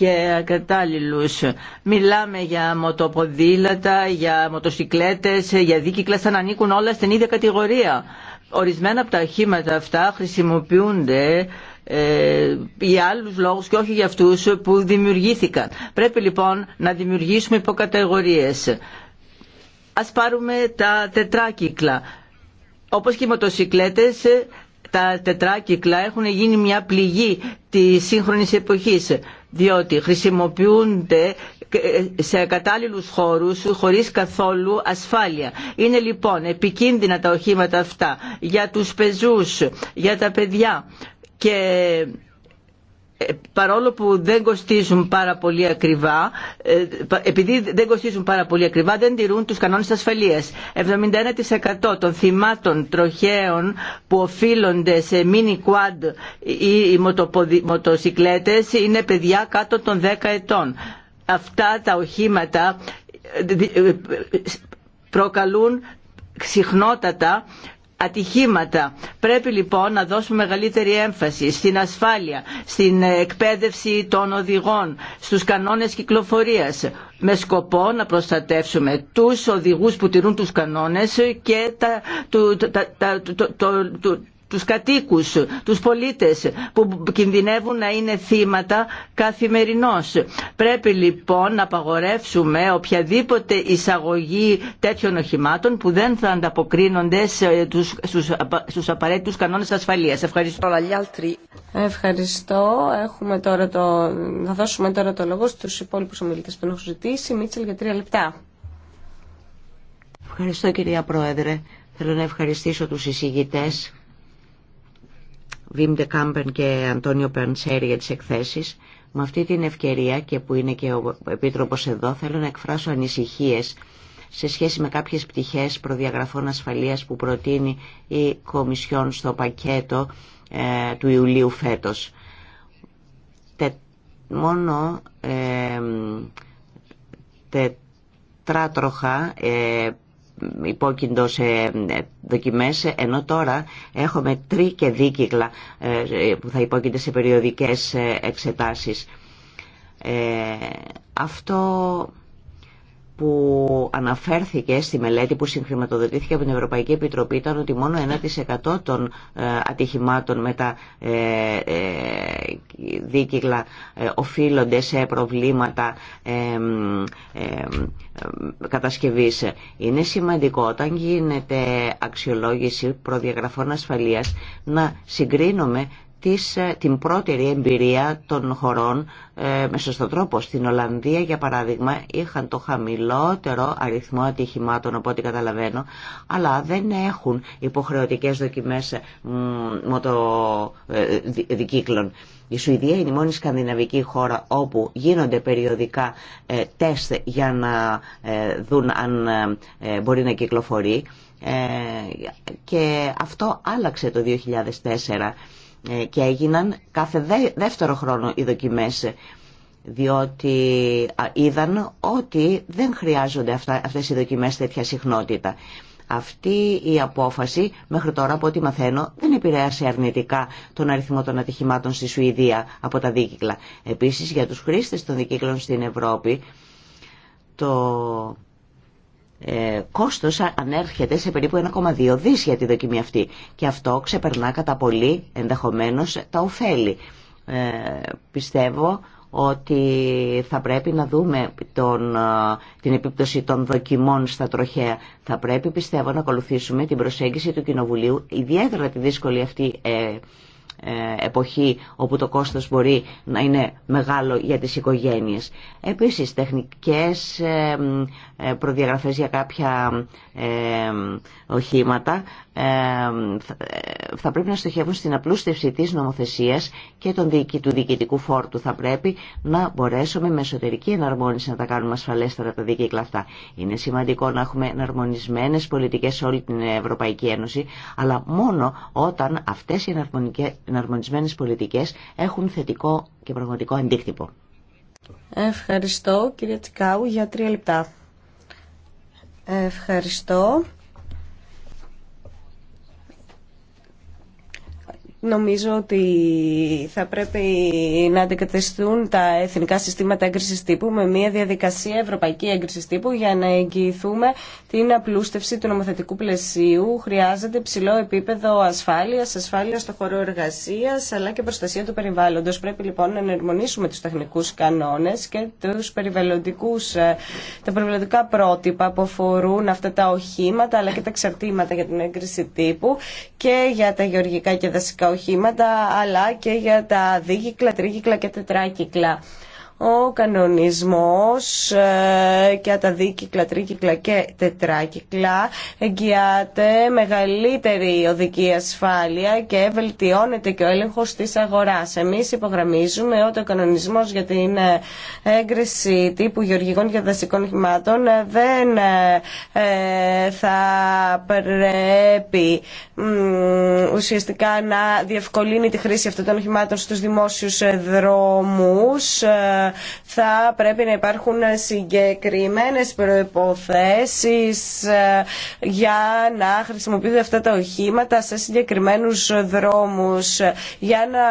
και ακατάλληλους. Μιλάμε για μοτοποδήλατα, για μοτοσυκλέτες, για δίκυκλα σαν να ανήκουν όλα στην ίδια κατηγορία. Ορισμένα από τα οχήματα αυτά χρησιμοποιούνται ε, για άλλους λόγους και όχι για αυτούς που δημιουργήθηκαν. Πρέπει λοιπόν να δημιουργήσουμε υποκατηγορίες. Ας πάρουμε τα τετράκυκλα. Όπως και οι μοτοσυκλέτες, τα τετράκυκλα έχουν γίνει μια πληγή τη σύγχρονης εποχής διότι χρησιμοποιούνται σε κατάλληλους χώρους χωρίς καθόλου ασφάλεια. Είναι λοιπόν επικίνδυνα τα οχήματα αυτά για τους πεζούς, για τα παιδιά και ε, παρόλο που δεν κοστίζουν πάρα πολύ ακριβά, ε, επειδή δεν κοστίζουν πάρα πολύ ακριβά, δεν τηρούν τους κανόνες ασφαλείας. 71% των θυμάτων τροχαίων που οφείλονται σε μινι quad ή μοτοσυκλέτες είναι παιδιά κάτω των 10 ετών. Αυτά τα οχήματα ε, προκαλούν συχνότατα ατυχήματα. Πρέπει λοιπόν να δώσουμε μεγαλύτερη έμφαση στην ασφάλεια, στην εκπαίδευση των οδηγών, στους κανόνες κυκλοφορίας με σκοπό να προστατεύσουμε τους οδηγούς που τηρούν τους κανόνες και τα, του, τα, το, το, το, τους κατοίκους, τους πολίτες που κινδυνεύουν να είναι θύματα καθημερινώς. Πρέπει λοιπόν να απαγορεύσουμε οποιαδήποτε εισαγωγή τέτοιων οχημάτων που δεν θα ανταποκρίνονται στους, στους, στους απαραίτητους κανόνες ασφαλείας. Ευχαριστώ. Ευχαριστώ. Έχουμε τώρα το... Θα δώσουμε τώρα το λόγο στους υπόλοιπους ομιλητές που έχουν ζητήσει. Μίτσελ για τρία λεπτά. Ευχαριστώ κυρία Πρόεδρε. Θέλω να ευχαριστήσω τους εισηγητές Βίμ Κάμπεν και Αντώνιο Πεντσέρη για τι εκθέσει Με αυτή την ευκαιρία και που είναι και ο επίτροπο εδώ θέλω να εκφράσω ανησυχίε σε σχέση με κάποιε πτυχέ προδιαγραφών ασφαλεία που προτείνει η Κομισιόν στο πακέτο ε, του Ιουλίου Φέτο. μόνο ε, τετράτροχα ε, υπόκειντο σε ε, δοκιμές ενώ τώρα έχουμε τρί και δίκυκλα ε, που θα υπόκεινται σε περιοδικές ε, εξετάσεις. αυτό που αναφέρθηκε στη μελέτη που συγχρηματοδοτήθηκε από την Ευρωπαϊκή Επιτροπή ήταν ότι μόνο 1% των ε, ατυχημάτων με τα ε, ε, δίκυκλα οφείλονται σε προβλήματα κατασκευής. Είναι σημαντικό όταν γίνεται αξιολόγηση προδιαγραφών ασφαλείας να συγκρίνουμε της, ε, την πρώτερη εμπειρία των χωρών ε, με σωστό τρόπο. Στην Ολλανδία, για παράδειγμα, είχαν το χαμηλότερο αριθμό ατυχημάτων, από ό,τι καταλαβαίνω, αλλά δεν έχουν υποχρεωτικές δοκιμές ε, μοτοδικύκλων. Η Σουηδία είναι η μόνη σκανδιναβική χώρα όπου γίνονται περιοδικά ε, τεστ για να δουν αν μπορεί να κυκλοφορεί και αυτό άλλαξε το 2004 ε, και έγιναν κάθε δεύτερο χρόνο οι δοκιμές διότι είδαν ότι δεν χρειάζονται αυτά, αυτές οι δοκιμές τέτοια συχνότητα. Αυτή η απόφαση μέχρι τώρα από ό,τι μαθαίνω δεν επηρέασε αρνητικά τον αριθμό των ατυχημάτων στη Σουηδία από τα δίκυκλα. Επίσης για τους χρήστες των δικύκλων στην Ευρώπη το ε, κόστος ανέρχεται σε περίπου 1,2 δις για τη δοκιμή αυτή και αυτό ξεπερνά κατά πολύ ενδεχομένως τα ωφέλη. Ε, πιστεύω ότι θα πρέπει να δούμε τον, την επίπτωση των δοκιμών στα τροχέα. Θα πρέπει πιστεύω να ακολουθήσουμε την προσέγγιση του Κοινοβουλίου, ιδιαίτερα τη δύσκολη αυτή ε, ε, εποχή όπου το κόστος μπορεί να είναι μεγάλο για τις οικογένειες. Επίσης τεχνικές ε, ε, προδιαγραφές για κάποια οχήματα θα πρέπει να στοχεύουν στην απλούστευση της νομοθεσίας και του διοικητικού φόρτου. Θα πρέπει να μπορέσουμε με εσωτερική εναρμόνιση να τα κάνουμε ασφαλέστερα τα δίκαικλα αυτά. Είναι σημαντικό να έχουμε εναρμονισμένες πολιτικές σε όλη την Ευρωπαϊκή Ένωση, αλλά μόνο όταν αυτές οι εναρμονισμένες πολιτικές έχουν θετικό και πραγματικό αντίκτυπο. Ευχαριστώ κύριε Τσικάου για τρία λεπτά. Ευχαριστώ. Νομίζω ότι θα πρέπει να αντικατεστούν τα εθνικά συστήματα έγκριση τύπου με μια διαδικασία ευρωπαϊκή έγκριση τύπου για να εγγυηθούμε την απλούστευση του νομοθετικού πλαισίου. Χρειάζεται ψηλό επίπεδο ασφάλεια, ασφάλεια στο χώρο εργασία αλλά και προστασία του περιβάλλοντο. Πρέπει λοιπόν να ενερμονίσουμε του τεχνικού κανόνε και τους περιβαλλοντικούς, ε, τα περιβαλλοντικά πρότυπα που αφορούν αυτά τα οχήματα αλλά και τα εξαρτήματα για την έγκριση τύπου και για τα γεωργικά και δασικά οχήματα αλλά και για τα δίκυκλα, τρίκυκλα και τετράκυκλα ο κανονισμός ε, και τα δίκυκλα, τρίκυκλα και τετράκυκλα εγγυάται μεγαλύτερη οδική ασφάλεια και βελτιώνεται και ο έλεγχος της αγοράς. Εμείς υπογραμμίζουμε ότι ο κανονισμός για την ε, έγκριση τύπου γεωργικών και δασικών χηματών ε, δεν θα πρέπει ουσιαστικά να διευκολύνει τη χρήση αυτών των χημάτων στους δημόσιους δρόμους θα πρέπει να υπάρχουν συγκεκριμένες προϋποθέσεις ε, για να χρησιμοποιούνται αυτά τα οχήματα σε συγκεκριμένους δρόμους για να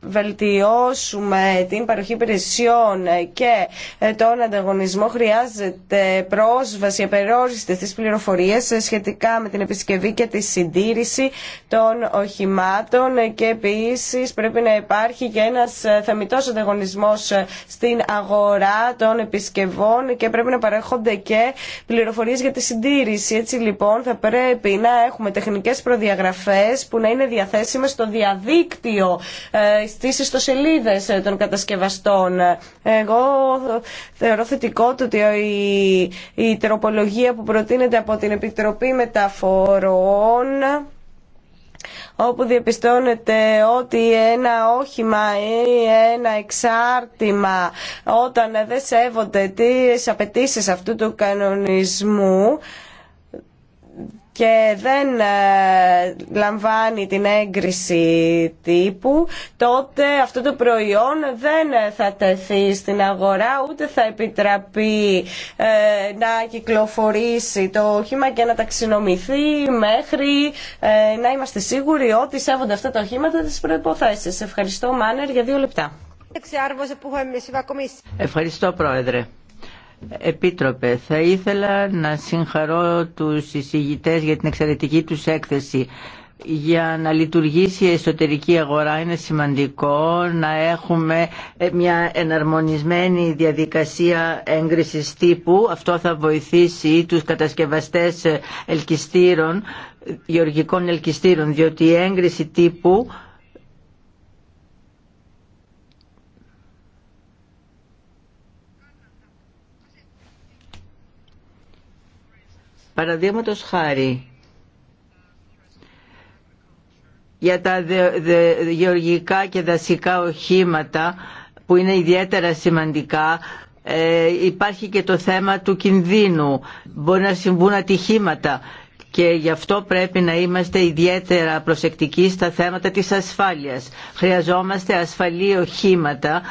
βελτιώσουμε την παροχή υπηρεσιών και τον ανταγωνισμό χρειάζεται πρόσβαση απερόριστη στις πληροφορίες σχετικά με την επισκευή και τη συντήρηση των οχημάτων και επίσης πρέπει να υπάρχει και ένας θεμητός ανταγωνισμός στην αγορά των επισκευών και πρέπει να παρέχονται και πληροφορίες για τη συντήρηση. Έτσι λοιπόν θα πρέπει να έχουμε τεχνικές προδιαγραφές που να είναι διαθέσιμες στο διαδίκτυο, ε, στις ιστοσελίδες ε, των κατασκευαστών. Εγώ θεωρώ θετικό το ότι η, η τροπολογία που προτείνεται από την Επιτροπή Μεταφορών όπου διαπιστώνεται ότι ένα όχημα ή ένα εξάρτημα όταν δεν σέβονται τις απαιτήσει αυτού του κανονισμού και δεν ε, λαμβάνει την έγκριση τύπου, τότε αυτό το προϊόν δεν θα τεθεί στην αγορά, ούτε θα επιτραπεί ε, να κυκλοφορήσει το όχημα και να ταξινομηθεί μέχρι ε, να είμαστε σίγουροι ότι σέβονται αυτά τα οχήματα τις προϋποθέσεις. Ευχαριστώ Μάνερ για δύο λεπτά. Ευχαριστώ Πρόεδρε. Επίτροπε, θα ήθελα να συγχαρώ τους εισηγητές για την εξαιρετική τους έκθεση. Για να λειτουργήσει η εσωτερική αγορά είναι σημαντικό να έχουμε ε, μια εναρμονισμένη διαδικασία έγκρισης τύπου. Αυτό θα βοηθήσει τους κατασκευαστές ε, ελκυστήρων, γεωργικών ελκυστήρων, διότι η έγκριση τύπου Παραδείγματο χάρη, για τα γεωργικά και δασικά οχήματα που είναι ιδιαίτερα σημαντικά ε, υπάρχει και το θέμα του κινδύνου. Μπορεί να συμβούν ατυχήματα και γι' αυτό πρέπει να είμαστε ιδιαίτερα προσεκτικοί στα θέματα της ασφάλειας. Χρειαζόμαστε ασφαλή οχήματα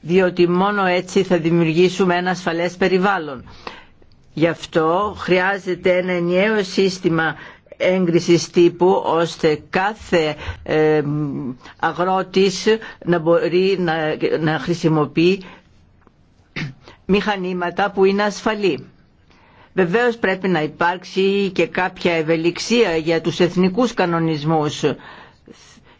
διότι μόνο έτσι θα δημιουργήσουμε ένα ασφαλές περιβάλλον. Γι' αυτό χρειάζεται ένα ενιαίο σύστημα έγκρισης τύπου ώστε κάθε ε, αγρότης να μπορεί να, να χρησιμοποιεί μηχανήματα που είναι ασφαλή. Βεβαίως πρέπει να υπάρξει και κάποια ευελιξία για τους εθνικούς κανονισμούς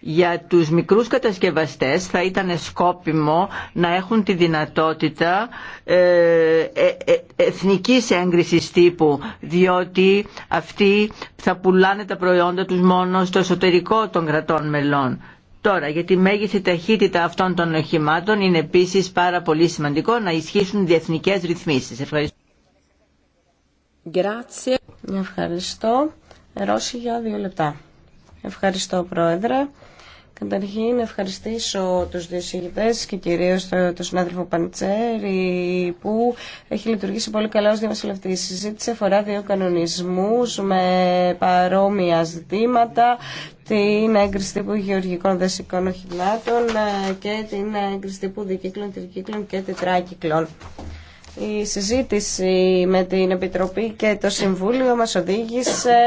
για τους μικρούς κατασκευαστές θα ήταν σκόπιμο να έχουν τη δυνατότητα ε, ε, ε, εθνικής έγκρισης τύπου, διότι αυτοί θα πουλάνε τα προϊόντα τους μόνο στο εσωτερικό των κρατών μελών. Τώρα, για τη μέγιστη ταχύτητα αυτών των οχημάτων είναι επίσης πάρα πολύ σημαντικό να ισχύσουν διεθνικές ρυθμίσεις. Ευχαριστώ. Ευχαριστώ. Ρώση για δύο λεπτά. Ευχαριστώ Πρόεδρε. Καταρχήν ευχαριστήσω τους δύο και κυρίως τον το συνάδελφο Παντσέρη που έχει λειτουργήσει πολύ καλά ως διαμεσολευτή. Η συζήτηση αφορά δύο κανονισμούς με παρόμοια ζητήματα, την έγκριση τύπου γεωργικών δεσικών οχημάτων ε, και την έγκριση τύπου δικύκλων, τρικύκλων και τετράκυκλων. Η συζήτηση με την Επιτροπή και το Συμβούλιο μας οδήγησε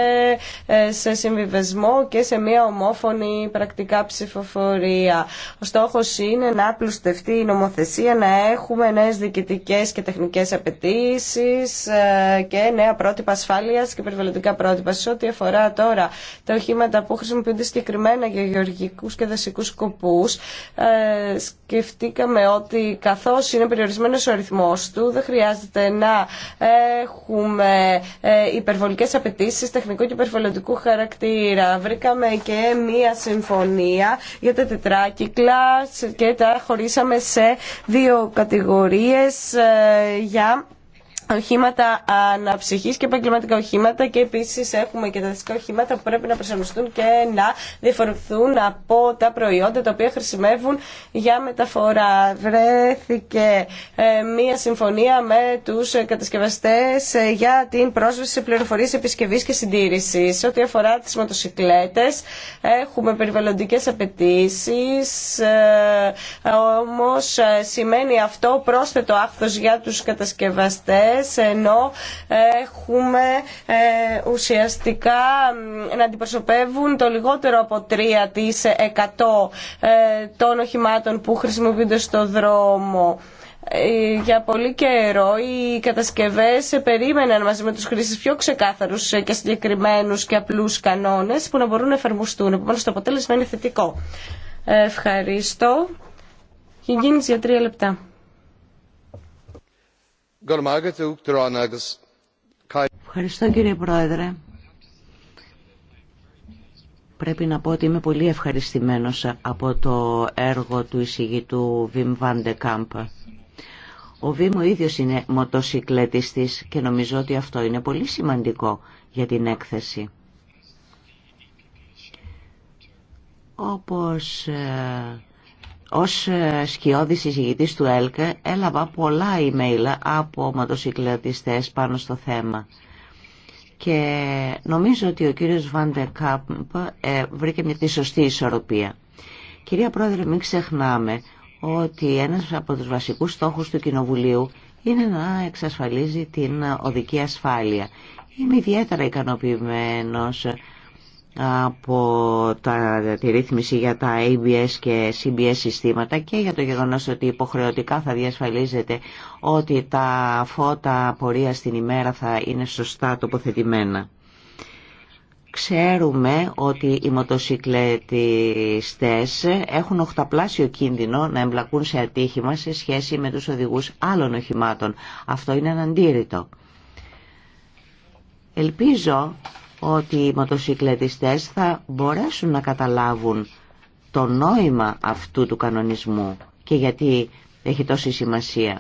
ε, σε συμβιβεσμό και σε μια ομόφωνη πρακτικά ψηφοφορία. Ο στόχος είναι να πλουστευτεί η νομοθεσία, να έχουμε νέες διοικητικές και τεχνικές απαιτήσει ε, και νέα πρότυπα ασφάλειας και περιβαλλοντικά πρότυπα. Σε ό,τι αφορά τώρα τα οχήματα που χρησιμοποιούνται συγκεκριμένα για γεωργικούς και δασικούς σκοπούς, ε, σκεφτήκαμε ότι καθώς είναι περιορισμένος ο αριθμός του, δεν χρειάζεται να έχουμε ε, υπερβολικές απαιτήσει τεχνικού και υπερβολοντικού χαρακτήρα. Βρήκαμε και μία συμφωνία για τα τετράκυκλα και τα χωρίσαμε σε δύο κατηγορίες ε, για οχήματα αναψυχή και επαγγελματικά οχήματα και επίση έχουμε και τα δασικά οχήματα που πρέπει να προσαρμοστούν και να διαφορεθούν από τα προϊόντα τα οποία χρησιμεύουν για μεταφορά. Βρέθηκε ε, μία συμφωνία με του κατασκευαστέ ε, για την πρόσβαση σε πληροφορίε επισκευή και συντήρηση. ό,τι αφορά τι μοτοσυκλέτε, έχουμε περιβαλλοντικέ απαιτήσει, ε, όμω σημαίνει αυτό πρόσθετο άχθο για του κατασκευαστέ ενώ έχουμε ε, ουσιαστικά να αντιπροσωπεύουν το λιγότερο από 3% ε, των οχημάτων που χρησιμοποιούνται στο δρόμο ε, για πολύ καιρό οι κατασκευές περίμεναν μαζί με τους χρήσεις πιο ξεκάθαρους και συγκεκριμένους και απλούς κανόνες που να μπορούν να εφαρμοστούν. Επομένως το αποτέλεσμα είναι θετικό. Ευχαριστώ. Γίνεις για τρία λεπτά. Ευχαριστώ κύριε Πρόεδρε. Πρέπει να πω ότι είμαι πολύ ευχαριστημένος από το έργο του εισηγητού Βιμ Βαντεκάμπ. Ο Βιμ ο ίδιος είναι μοτοσυκλέτιστης και νομίζω ότι αυτό είναι πολύ σημαντικό για την έκθεση. Όπως ε, ως ε, σκιώδης εισηγητής του ΕΛΚΕ έλαβα πολλά email από μοτοσυκλετιστές πάνω στο θέμα. Και νομίζω ότι ο κύριος Βαντερ ε, βρήκε μια τη σωστή ισορροπία. Κυρία Πρόεδρε, μην ξεχνάμε ότι ένας από τους βασικούς στόχους του Κοινοβουλίου είναι να εξασφαλίζει την οδική ασφάλεια. Είμαι ιδιαίτερα ικανοποιημένος από τα, τη ρύθμιση για τα ABS και CBS συστήματα και για το γεγονός ότι υποχρεωτικά θα διασφαλίζεται ότι τα φώτα πορεία την ημέρα θα είναι σωστά τοποθετημένα. Ξέρουμε ότι οι μοτοσυκλετιστές έχουν οχταπλάσιο κίνδυνο να εμπλακούν σε ατύχημα σε σχέση με τους οδηγούς άλλων οχημάτων. Αυτό είναι αναντήρητο. Ελπίζω ότι οι μοτοσυκλετιστές θα μπορέσουν να καταλάβουν το νόημα αυτού του κανονισμού και γιατί έχει τόση σημασία.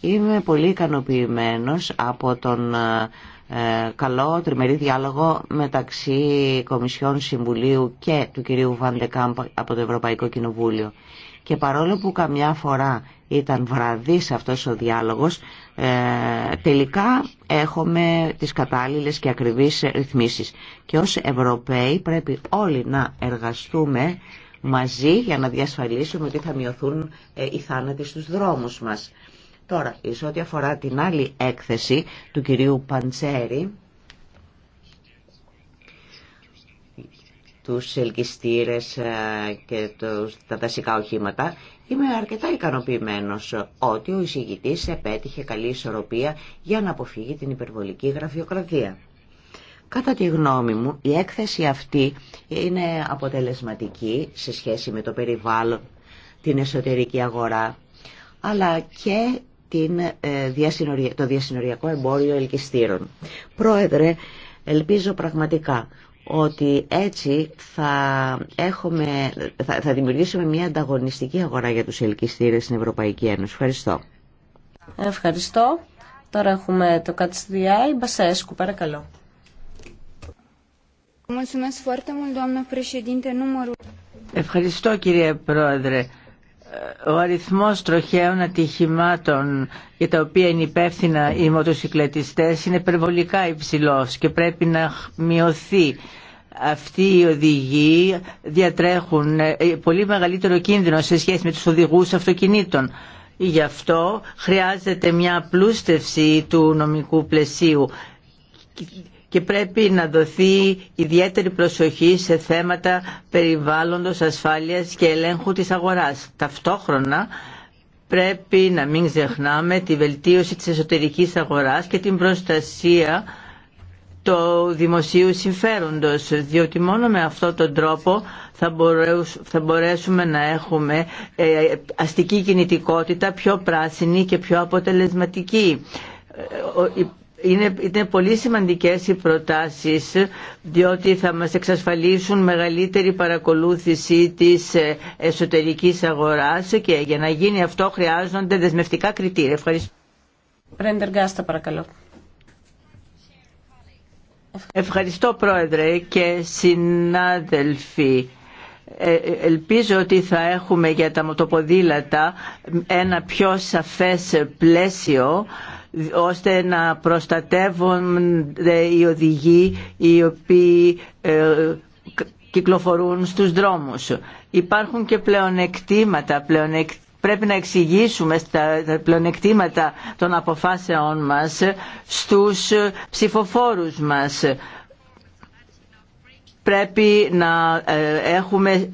Είμαι πολύ ικανοποιημένος από τον ε, ε, καλό τριμερή διάλογο μεταξύ Κομισιών Συμβουλίου και του κυρίου Βαντεκάμπ από το Ευρωπαϊκό Κοινοβούλιο και παρόλο που καμιά φορά ήταν βραδύς αυτός ο διάλογος, ε, τελικά έχουμε τις κατάλληλες και ακριβείς ρυθμίσεις. Και ως Ευρωπαίοι πρέπει όλοι να εργαστούμε μαζί για να διασφαλίσουμε ότι θα μειωθούν ε, οι θάνατοι στους δρόμους μας. Τώρα, σε ό,τι αφορά την άλλη έκθεση του κυρίου Παντσέρη, τους ελκυστήρες ε, και τους, τα δασικά οχήματα, είμαι αρκετά ικανοποιημένος ότι ο εισηγητής επέτυχε καλή ισορροπία για να αποφύγει την υπερβολική γραφειοκρατία. Κατά τη γνώμη μου, η έκθεση αυτή είναι αποτελεσματική σε σχέση με το περιβάλλον, την εσωτερική αγορά, αλλά και την, ε, το διασυνοριακό εμπόριο ελκυστήρων. Πρόεδρε, ελπίζω πραγματικά ότι έτσι θα, έχουμε, θα, θα δημιουργήσουμε μια ανταγωνιστική αγορά για τους ελκυστήρες στην Ευρωπαϊκή Ένωση. Ευχαριστώ. Ευχαριστώ. Τώρα έχουμε το ΚΑΤΣΔΙΑΙ. Μπασέσκου, παρακαλώ. Ευχαριστώ κύριε Πρόεδρε ο αριθμός τροχαίων ατυχημάτων για τα οποία είναι υπεύθυνα οι μοτοσυκλετιστές είναι υπερβολικά υψηλός και πρέπει να μειωθεί. Αυτοί οι οδηγοί διατρέχουν ε, πολύ μεγαλύτερο κίνδυνο σε σχέση με τους οδηγούς αυτοκινήτων. Γι' αυτό χρειάζεται μια πλούστευση του νομικού πλαισίου και πρέπει να δοθεί ιδιαίτερη προσοχή σε θέματα περιβάλλοντος, ασφάλειας και ελέγχου της αγοράς. Ταυτόχρονα πρέπει να μην ξεχνάμε τη βελτίωση της εσωτερικής αγοράς και την προστασία του δημοσίου συμφέροντος, διότι μόνο με αυτόν τον τρόπο θα μπορέσουμε να έχουμε ε, αστική κινητικότητα πιο πράσινη και πιο αποτελεσματική ε, είναι, είναι πολύ σημαντικές οι προτάσεις διότι θα μας εξασφαλίσουν μεγαλύτερη παρακολούθηση της ε, εσωτερικής αγοράς και για να γίνει αυτό χρειάζονται δεσμευτικά κριτήρια. Ευχαριστώ. παρακαλώ. Ευχαριστώ Πρόεδρε και συνάδελφοι. Ε, ελπίζω ότι θα έχουμε για τα μοτοποδήλατα ένα πιο σαφές πλαίσιο ώστε να προστατεύονται οι οδηγοί οι οποίοι ε, κυκλοφορούν στους δρόμους. Υπάρχουν και πλεονεκτήματα, πρέπει να εξηγήσουμε τα πλεονεκτήματα των αποφάσεών μας στους ψηφοφόρους μας. Πρέπει να ε, έχουμε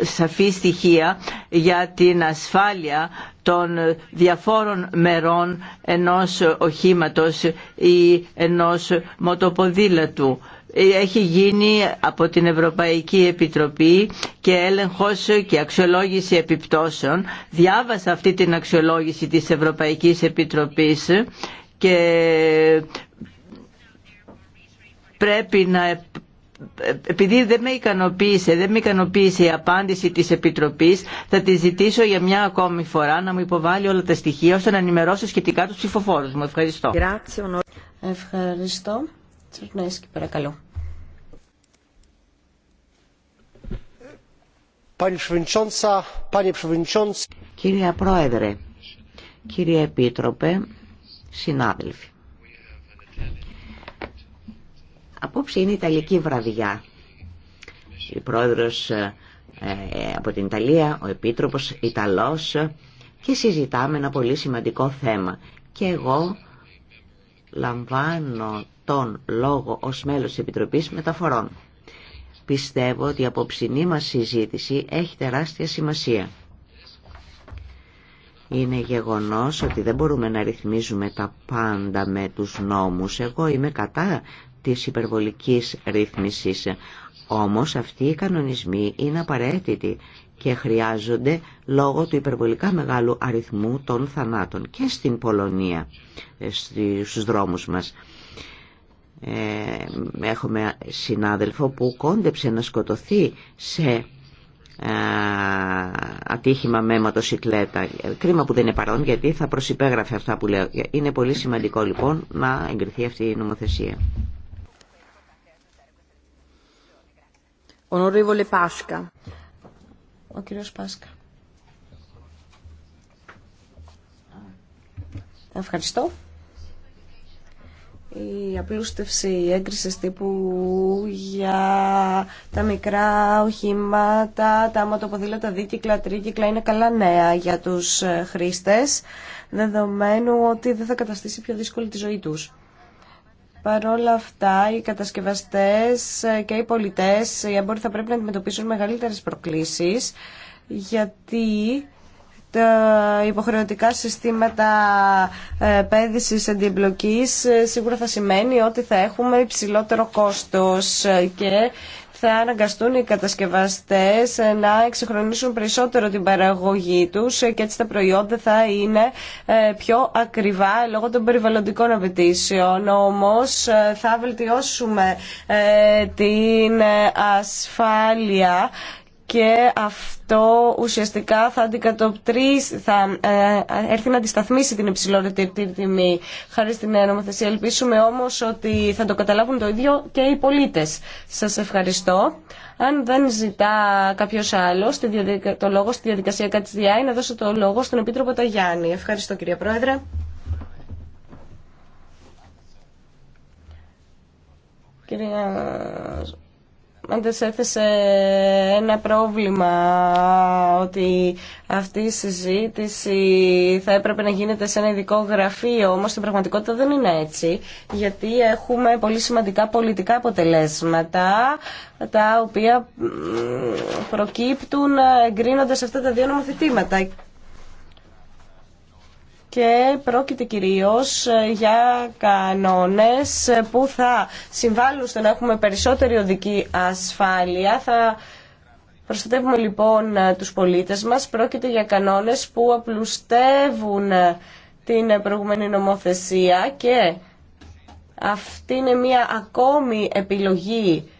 σαφή στοιχεία για την ασφάλεια των διαφόρων μερών ενός οχήματος ή ενός μοτοποδήλατου. Έχει γίνει από την Ευρωπαϊκή Επιτροπή και έλεγχος και αξιολόγηση επιπτώσεων. Διάβασα αυτή την αξιολόγηση της Ευρωπαϊκής Επιτροπής και πρέπει να επειδή δεν με ικανοποίησε, δεν με ικανοποίησε η απάντηση της Επιτροπής, θα τη ζητήσω για μια ακόμη φορά να μου υποβάλει όλα τα στοιχεία ώστε να ενημερώσω σχετικά τους ψηφοφόρους μου. Ευχαριστώ. Ευχαριστώ. Τσουρνέσκι, παρακαλώ. Κύριε Πρόεδρε, κύριε Επίτροπε, συνάδελφοι. Απόψε είναι η Ιταλική βραδιά. Η πρόεδρος ε, ε, από την Ιταλία, ο Επίτροπος Ιταλός και συζητάμε ένα πολύ σημαντικό θέμα. Και εγώ λαμβάνω τον λόγο ως μέλος της Επιτροπής Μεταφορών. Πιστεύω ότι η απόψινή μας συζήτηση έχει τεράστια σημασία. Είναι γεγονός ότι δεν μπορούμε να ρυθμίζουμε τα πάντα με τους νόμους. Εγώ είμαι κατά της υπερβολικής ρύθμισης. Όμως αυτοί οι κανονισμοί είναι απαραίτητοι και χρειάζονται λόγω του υπερβολικά μεγάλου αριθμού των θανάτων και στην Πολωνία, ε, στους δρόμους μας. Ε, έχουμε συνάδελφο που κόντεψε να σκοτωθεί σε ε, ατύχημα με μοτοσυκλέτα. Κρίμα που δεν είναι παρόν γιατί θα προσυπέγραφε αυτά που λέω. Είναι πολύ σημαντικό λοιπόν να εγκριθεί αυτή η νομοθεσία. Ο κύριος Πάσκα. Ευχαριστώ. Η απλούστευση έγκριση τύπου για τα μικρά οχήματα, τα αματοποδήλατα, δίκυκλα, τρίκυκλα είναι καλά νέα για τους ε, χρήστες, δεδομένου ότι δεν θα καταστήσει πιο δύσκολη τη ζωή τους παρόλα αυτά, οι κατασκευαστές και οι πολιτές, οι έμποροι θα πρέπει να αντιμετωπίσουν μεγαλύτερες προκλήσεις, γιατί τα υποχρεωτικά συστήματα ε, πέδηση αντιεμπλοκή ε, σίγουρα θα σημαίνει ότι θα έχουμε υψηλότερο κόστος ε, και θα αναγκαστούν οι κατασκευαστές να εξυγχρονίσουν περισσότερο την παραγωγή τους και έτσι τα προϊόντα θα είναι ε, πιο ακριβά λόγω των περιβαλλοντικών απαιτήσεων. Όμως ε, θα βελτιώσουμε ε, την ασφάλεια και αυτό ουσιαστικά θα αντικατοπτρίσει, θα ε, έρθει να αντισταθμίσει την υψηλότερη τιμή χάρη στην νομοθεσία. Ελπίσουμε όμως ότι θα το καταλάβουν το ίδιο και οι πολίτες. Σας ευχαριστώ. Αν δεν ζητά κάποιος άλλος το λόγο στη διαδικασία ΚΑΤΣΔΙ να δώσω το λόγο στον Επίτροπο Ταγιάννη. Ευχαριστώ κυρία Πρόεδρε. Κυρία σε έθεσε ένα πρόβλημα ότι αυτή η συζήτηση θα έπρεπε να γίνεται σε ένα ειδικό γραφείο, όμως στην πραγματικότητα δεν είναι έτσι, γιατί έχουμε πολύ σημαντικά πολιτικά αποτελέσματα, τα οποία προκύπτουν εγκρίνοντας αυτά τα δύο νομοθετήματα και πρόκειται κυρίως ε, για κανόνες που θα συμβάλλουν στο να έχουμε περισσότερη οδική ασφάλεια. Θα προστατεύουμε λοιπόν ε, τους πολίτες μας. Πρόκειται για κανόνες που απλουστεύουν ε, την προηγούμενη νομοθεσία και αυτή είναι μια ακόμη επιλογή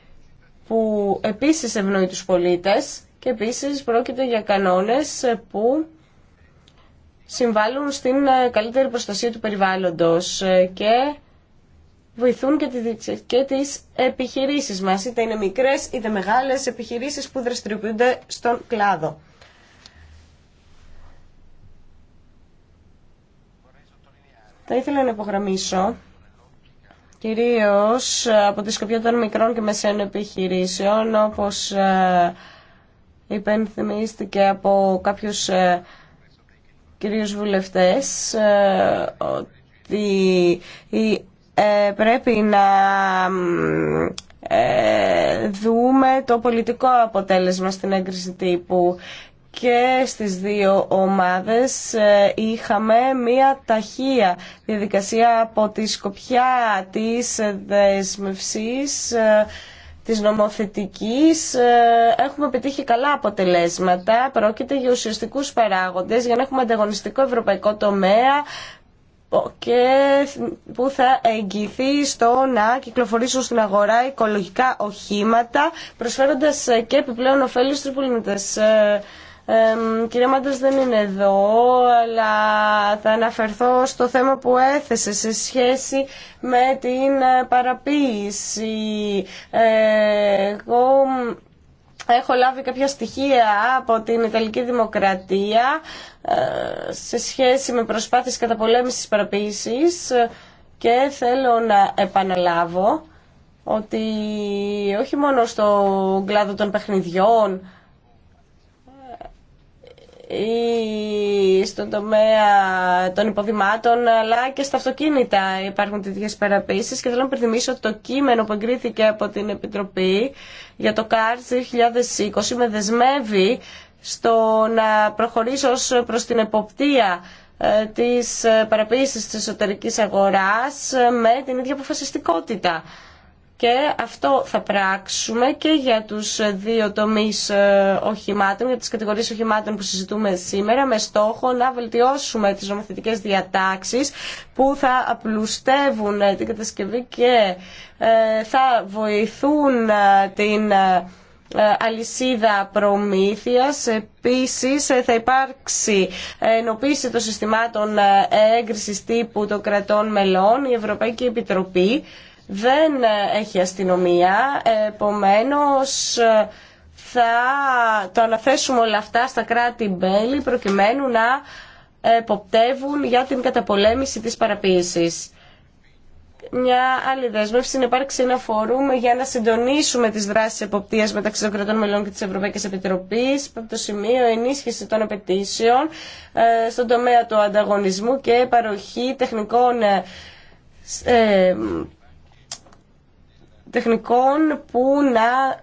που επίσης ευνοεί τους πολίτες και επίσης πρόκειται για κανόνες που συμβάλλουν στην ε, καλύτερη προστασία του περιβάλλοντος ε, και βοηθούν και, και τις επιχειρήσεις μας, είτε είναι μικρές είτε μεγάλες επιχειρήσεις που δραστηριοποιούνται στον κλάδο. Θα ήθελα να υπογραμμίσω κυρίως από τη σκοπιά των μικρών και μεσαίων επιχειρήσεων όπως ε, υπενθυμίστηκε από κάποιους κυρίως βουλευτές ε, ότι ε, πρέπει να ε, δούμε το πολιτικό αποτέλεσμα στην έγκριση τύπου και στις δύο ομάδες είχαμε μία ταχεία διαδικασία από τη σκοπιά της δεσμευσής της νομοθετικής ε, έχουμε πετύχει καλά αποτελέσματα. Πρόκειται για ουσιαστικούς παράγοντες για να έχουμε ανταγωνιστικό ευρωπαϊκό τομέα και που θα εγγυηθεί στο να κυκλοφορήσουν στην αγορά οικολογικά οχήματα προσφέροντας ε, και επιπλέον ωφέλη στους ε, κυρία δεν είναι εδώ, αλλά θα αναφερθώ στο θέμα που έθεσε σε σχέση με την ε, παραποίηση. Ε, εγώ έχω λάβει κάποια στοιχεία από την Ιταλική Δημοκρατία ε, σε σχέση με προσπάθειες καταπολέμησης παραποίησης και θέλω να επαναλάβω ότι όχι μόνο στον κλάδο των παιχνιδιών ή στον τομέα των υποβημάτων αλλά και στα αυτοκίνητα υπάρχουν τέτοιε παραπείσεις και θέλω να υπενθυμίσω ότι το κείμενο που εγκρίθηκε από την Επιτροπή για το ΚΑΡΣ 2020 με δεσμεύει στο να προχωρήσω προς την εποπτεία ε, της παραποίησης της εσωτερικής αγοράς ε, με την ίδια αποφασιστικότητα και αυτό θα πράξουμε και για τους δύο τομείς ε, οχημάτων, για τις κατηγορίες οχημάτων που συζητούμε σήμερα, με στόχο να βελτιώσουμε τις νομοθετικές διατάξεις που θα απλουστεύουν ε, την κατασκευή και ε, θα βοηθούν την αλυσίδα προμήθειας. Επίσης θα υπάρξει ενοποίηση των συστημάτων έγκρισης τύπου των κρατών μελών, η Ευρωπαϊκή Επιτροπή δεν έχει αστυνομία, επομένως ε, θα το αναθέσουμε όλα αυτά στα κράτη-μπέλη προκειμένου να εποπτεύουν για την καταπολέμηση της παραποίησης. Μια άλλη δέσμευση είναι υπάρξει ένα φόρουμ για να συντονίσουμε τις δράσεις εποπτείας μεταξύ των κρατών μελών και της Ευρωπαϊκής Επιτροπής από το σημείο ενίσχυση των απαιτήσεων ε, στον τομέα του ανταγωνισμού και παροχή τεχνικών ε, τεχνικών που να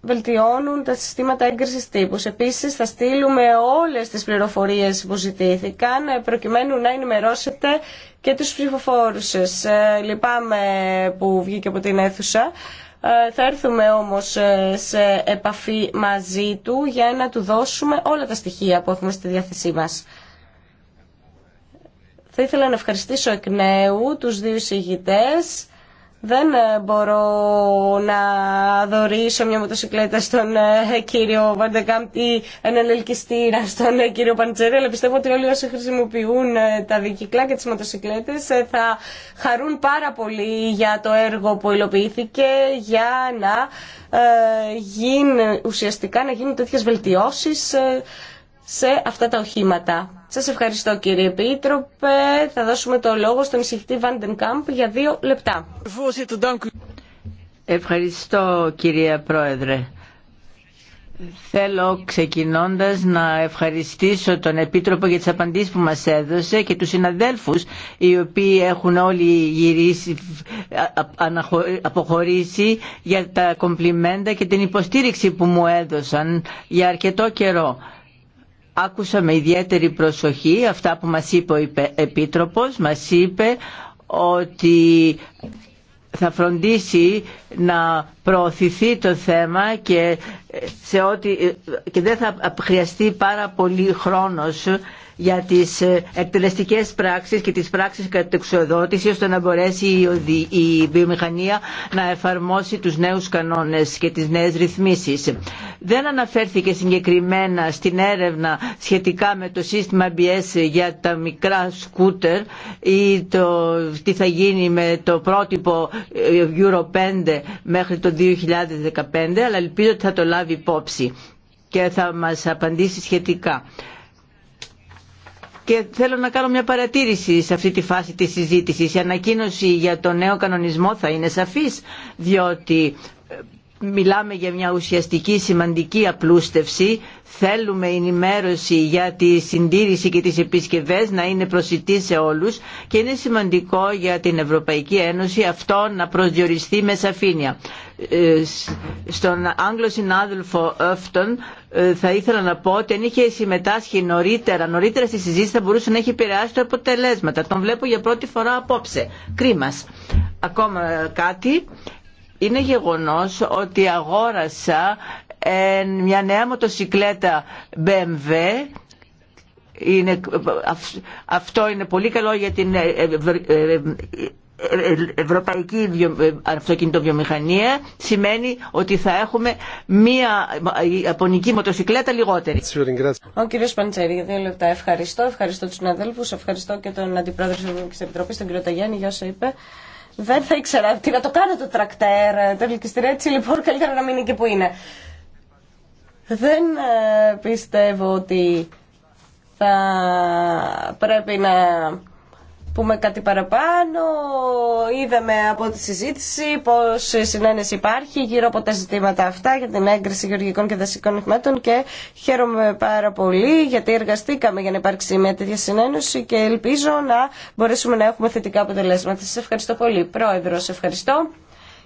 βελτιώνουν τα συστήματα έγκρισης τύπους. Επίσης θα στείλουμε όλες τις πληροφορίες που ζητήθηκαν ε, προκειμένου να ενημερώσετε και τους ψηφοφόρους σας. Ε, λυπάμαι που βγήκε από την αίθουσα. Ε, θα έρθουμε όμως σε επαφή μαζί του για να του δώσουμε όλα τα στοιχεία που έχουμε στη διάθεσή μας. Θα ήθελα να ευχαριστήσω εκ νέου τους δύο συγητές. Δεν ε, μπορώ να δωρήσω μια μοτοσυκλέτα στον ε, κύριο Βαντεκάμπ ή έναν ελκυστήρα στον ε, κύριο Παντσέρη, αλλά πιστεύω ότι όλοι όσοι χρησιμοποιούν τα δικυκλά και τις μοτοσυκλέτες θα χαρούν πάρα πολύ για το έργο που υλοποιήθηκε για να γίνει, ουσιαστικά να γίνουν τέτοιες βελτιώσεις σε αυτά τα οχήματα. Σας ευχαριστώ κύριε Επίτροπε. Θα δώσουμε το λόγο στον εισηγητή Βάντεν Κάμπ για δύο λεπτά. Ευχαριστώ κυρία Πρόεδρε. Θέλω ξεκινώντας να ευχαριστήσω τον Επίτροπο για τις απαντήσεις που μας έδωσε και τους συναδέλφους οι οποίοι έχουν όλοι γυρίσει, αποχωρήσει για τα κομπλιμέντα και την υποστήριξη που μου έδωσαν για αρκετό καιρό. Άκουσα με ιδιαίτερη προσοχή αυτά που μας είπε ο Επίτροπος. Μας είπε ότι θα φροντίσει να προωθηθεί το θέμα και, σε ό,τι, και δεν θα χρειαστεί πάρα πολύ χρόνος για τις ε, εκτελεστικές πράξεις και τις πράξεις κατεξοδότηση ώστε να μπορέσει η βιομηχανία να εφαρμόσει τους νέους κανόνες και τις νέες ρυθμίσει. Δεν αναφέρθηκε συγκεκριμένα στην έρευνα σχετικά με το σύστημα BS για τα μικρά σκούτερ ή το, τι θα γίνει με το πρότυπο ε, Euro 5 μέχρι το 2015 αλλά ελπίζω ότι θα το λάβει υπόψη και θα μας απαντήσει σχετικά. Και θέλω να κάνω μια παρατήρηση σε αυτή τη φάση της συζήτησης. Η ανακοίνωση για το νέο κανονισμό θα είναι σαφής, διότι ε, μιλάμε για μια ουσιαστική σημαντική απλούστευση. Θέλουμε η ενημέρωση για τη συντήρηση και τις επισκευές να είναι προσιτή σε όλους και είναι σημαντικό για την Ευρωπαϊκή Ένωση αυτό να προσδιοριστεί με σαφήνεια. Ε, στον Άγγλο συνάδελφο Εύτον ε, θα ήθελα να πω ότι αν είχε συμμετάσχει νωρίτερα, νωρίτερα στη συζήτηση θα μπορούσε να έχει επηρεάσει τα αποτελέσματα. Τον βλέπω για πρώτη φορά απόψε. Κρίμας. Ακόμα κάτι είναι γεγονός ότι αγόρασα ε, μια νέα μοτοσικλέτα BMW είναι, αυτό είναι πολύ καλό για την ε, ε, ευρωπαϊκή αυτοκινητοβιομηχανία σημαίνει ότι θα έχουμε μία ιαπωνική μοτοσυκλέτα λιγότερη. Ο κύριος Παντσέρη, για δύο λεπτά. Ευχαριστώ. Ευχαριστώ τους συναδέλφους. Ευχαριστώ και τον Αντιπρόεδρο της Επιτροπής, τον κύριο Ταγιάννη, για όσα είπε. Δεν θα ήξερα τι να το κάνω το τρακτέρ, το ελκυστήριο έτσι λοιπόν καλύτερα να μείνει και που είναι. Δεν ε, πιστεύω ότι θα πρέπει να πούμε κάτι παραπάνω. Είδαμε από τη συζήτηση πώ συνένεση υπάρχει γύρω από τα ζητήματα αυτά για την έγκριση γεωργικών και δασικών εχμέτων και χαίρομαι πάρα πολύ γιατί εργαστήκαμε για να υπάρξει μια τέτοια συνένωση και ελπίζω να μπορέσουμε να έχουμε θετικά αποτελέσματα. Σα ευχαριστώ πολύ. Πρόεδρο, σε ευχαριστώ.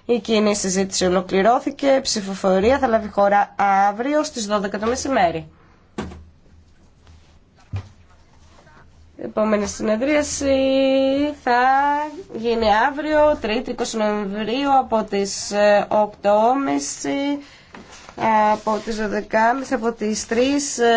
Η κοινή συζήτηση ολοκληρώθηκε. Ψηφοφορία θα λάβει χώρα αύριο στι 12 το μεσημέρι. Επόμενη συνεδρίαση θα γίνει αύριο, 3η 20 Νοεμβρίου, από τις 8.30, ε, από τις 12.30, από τις 3.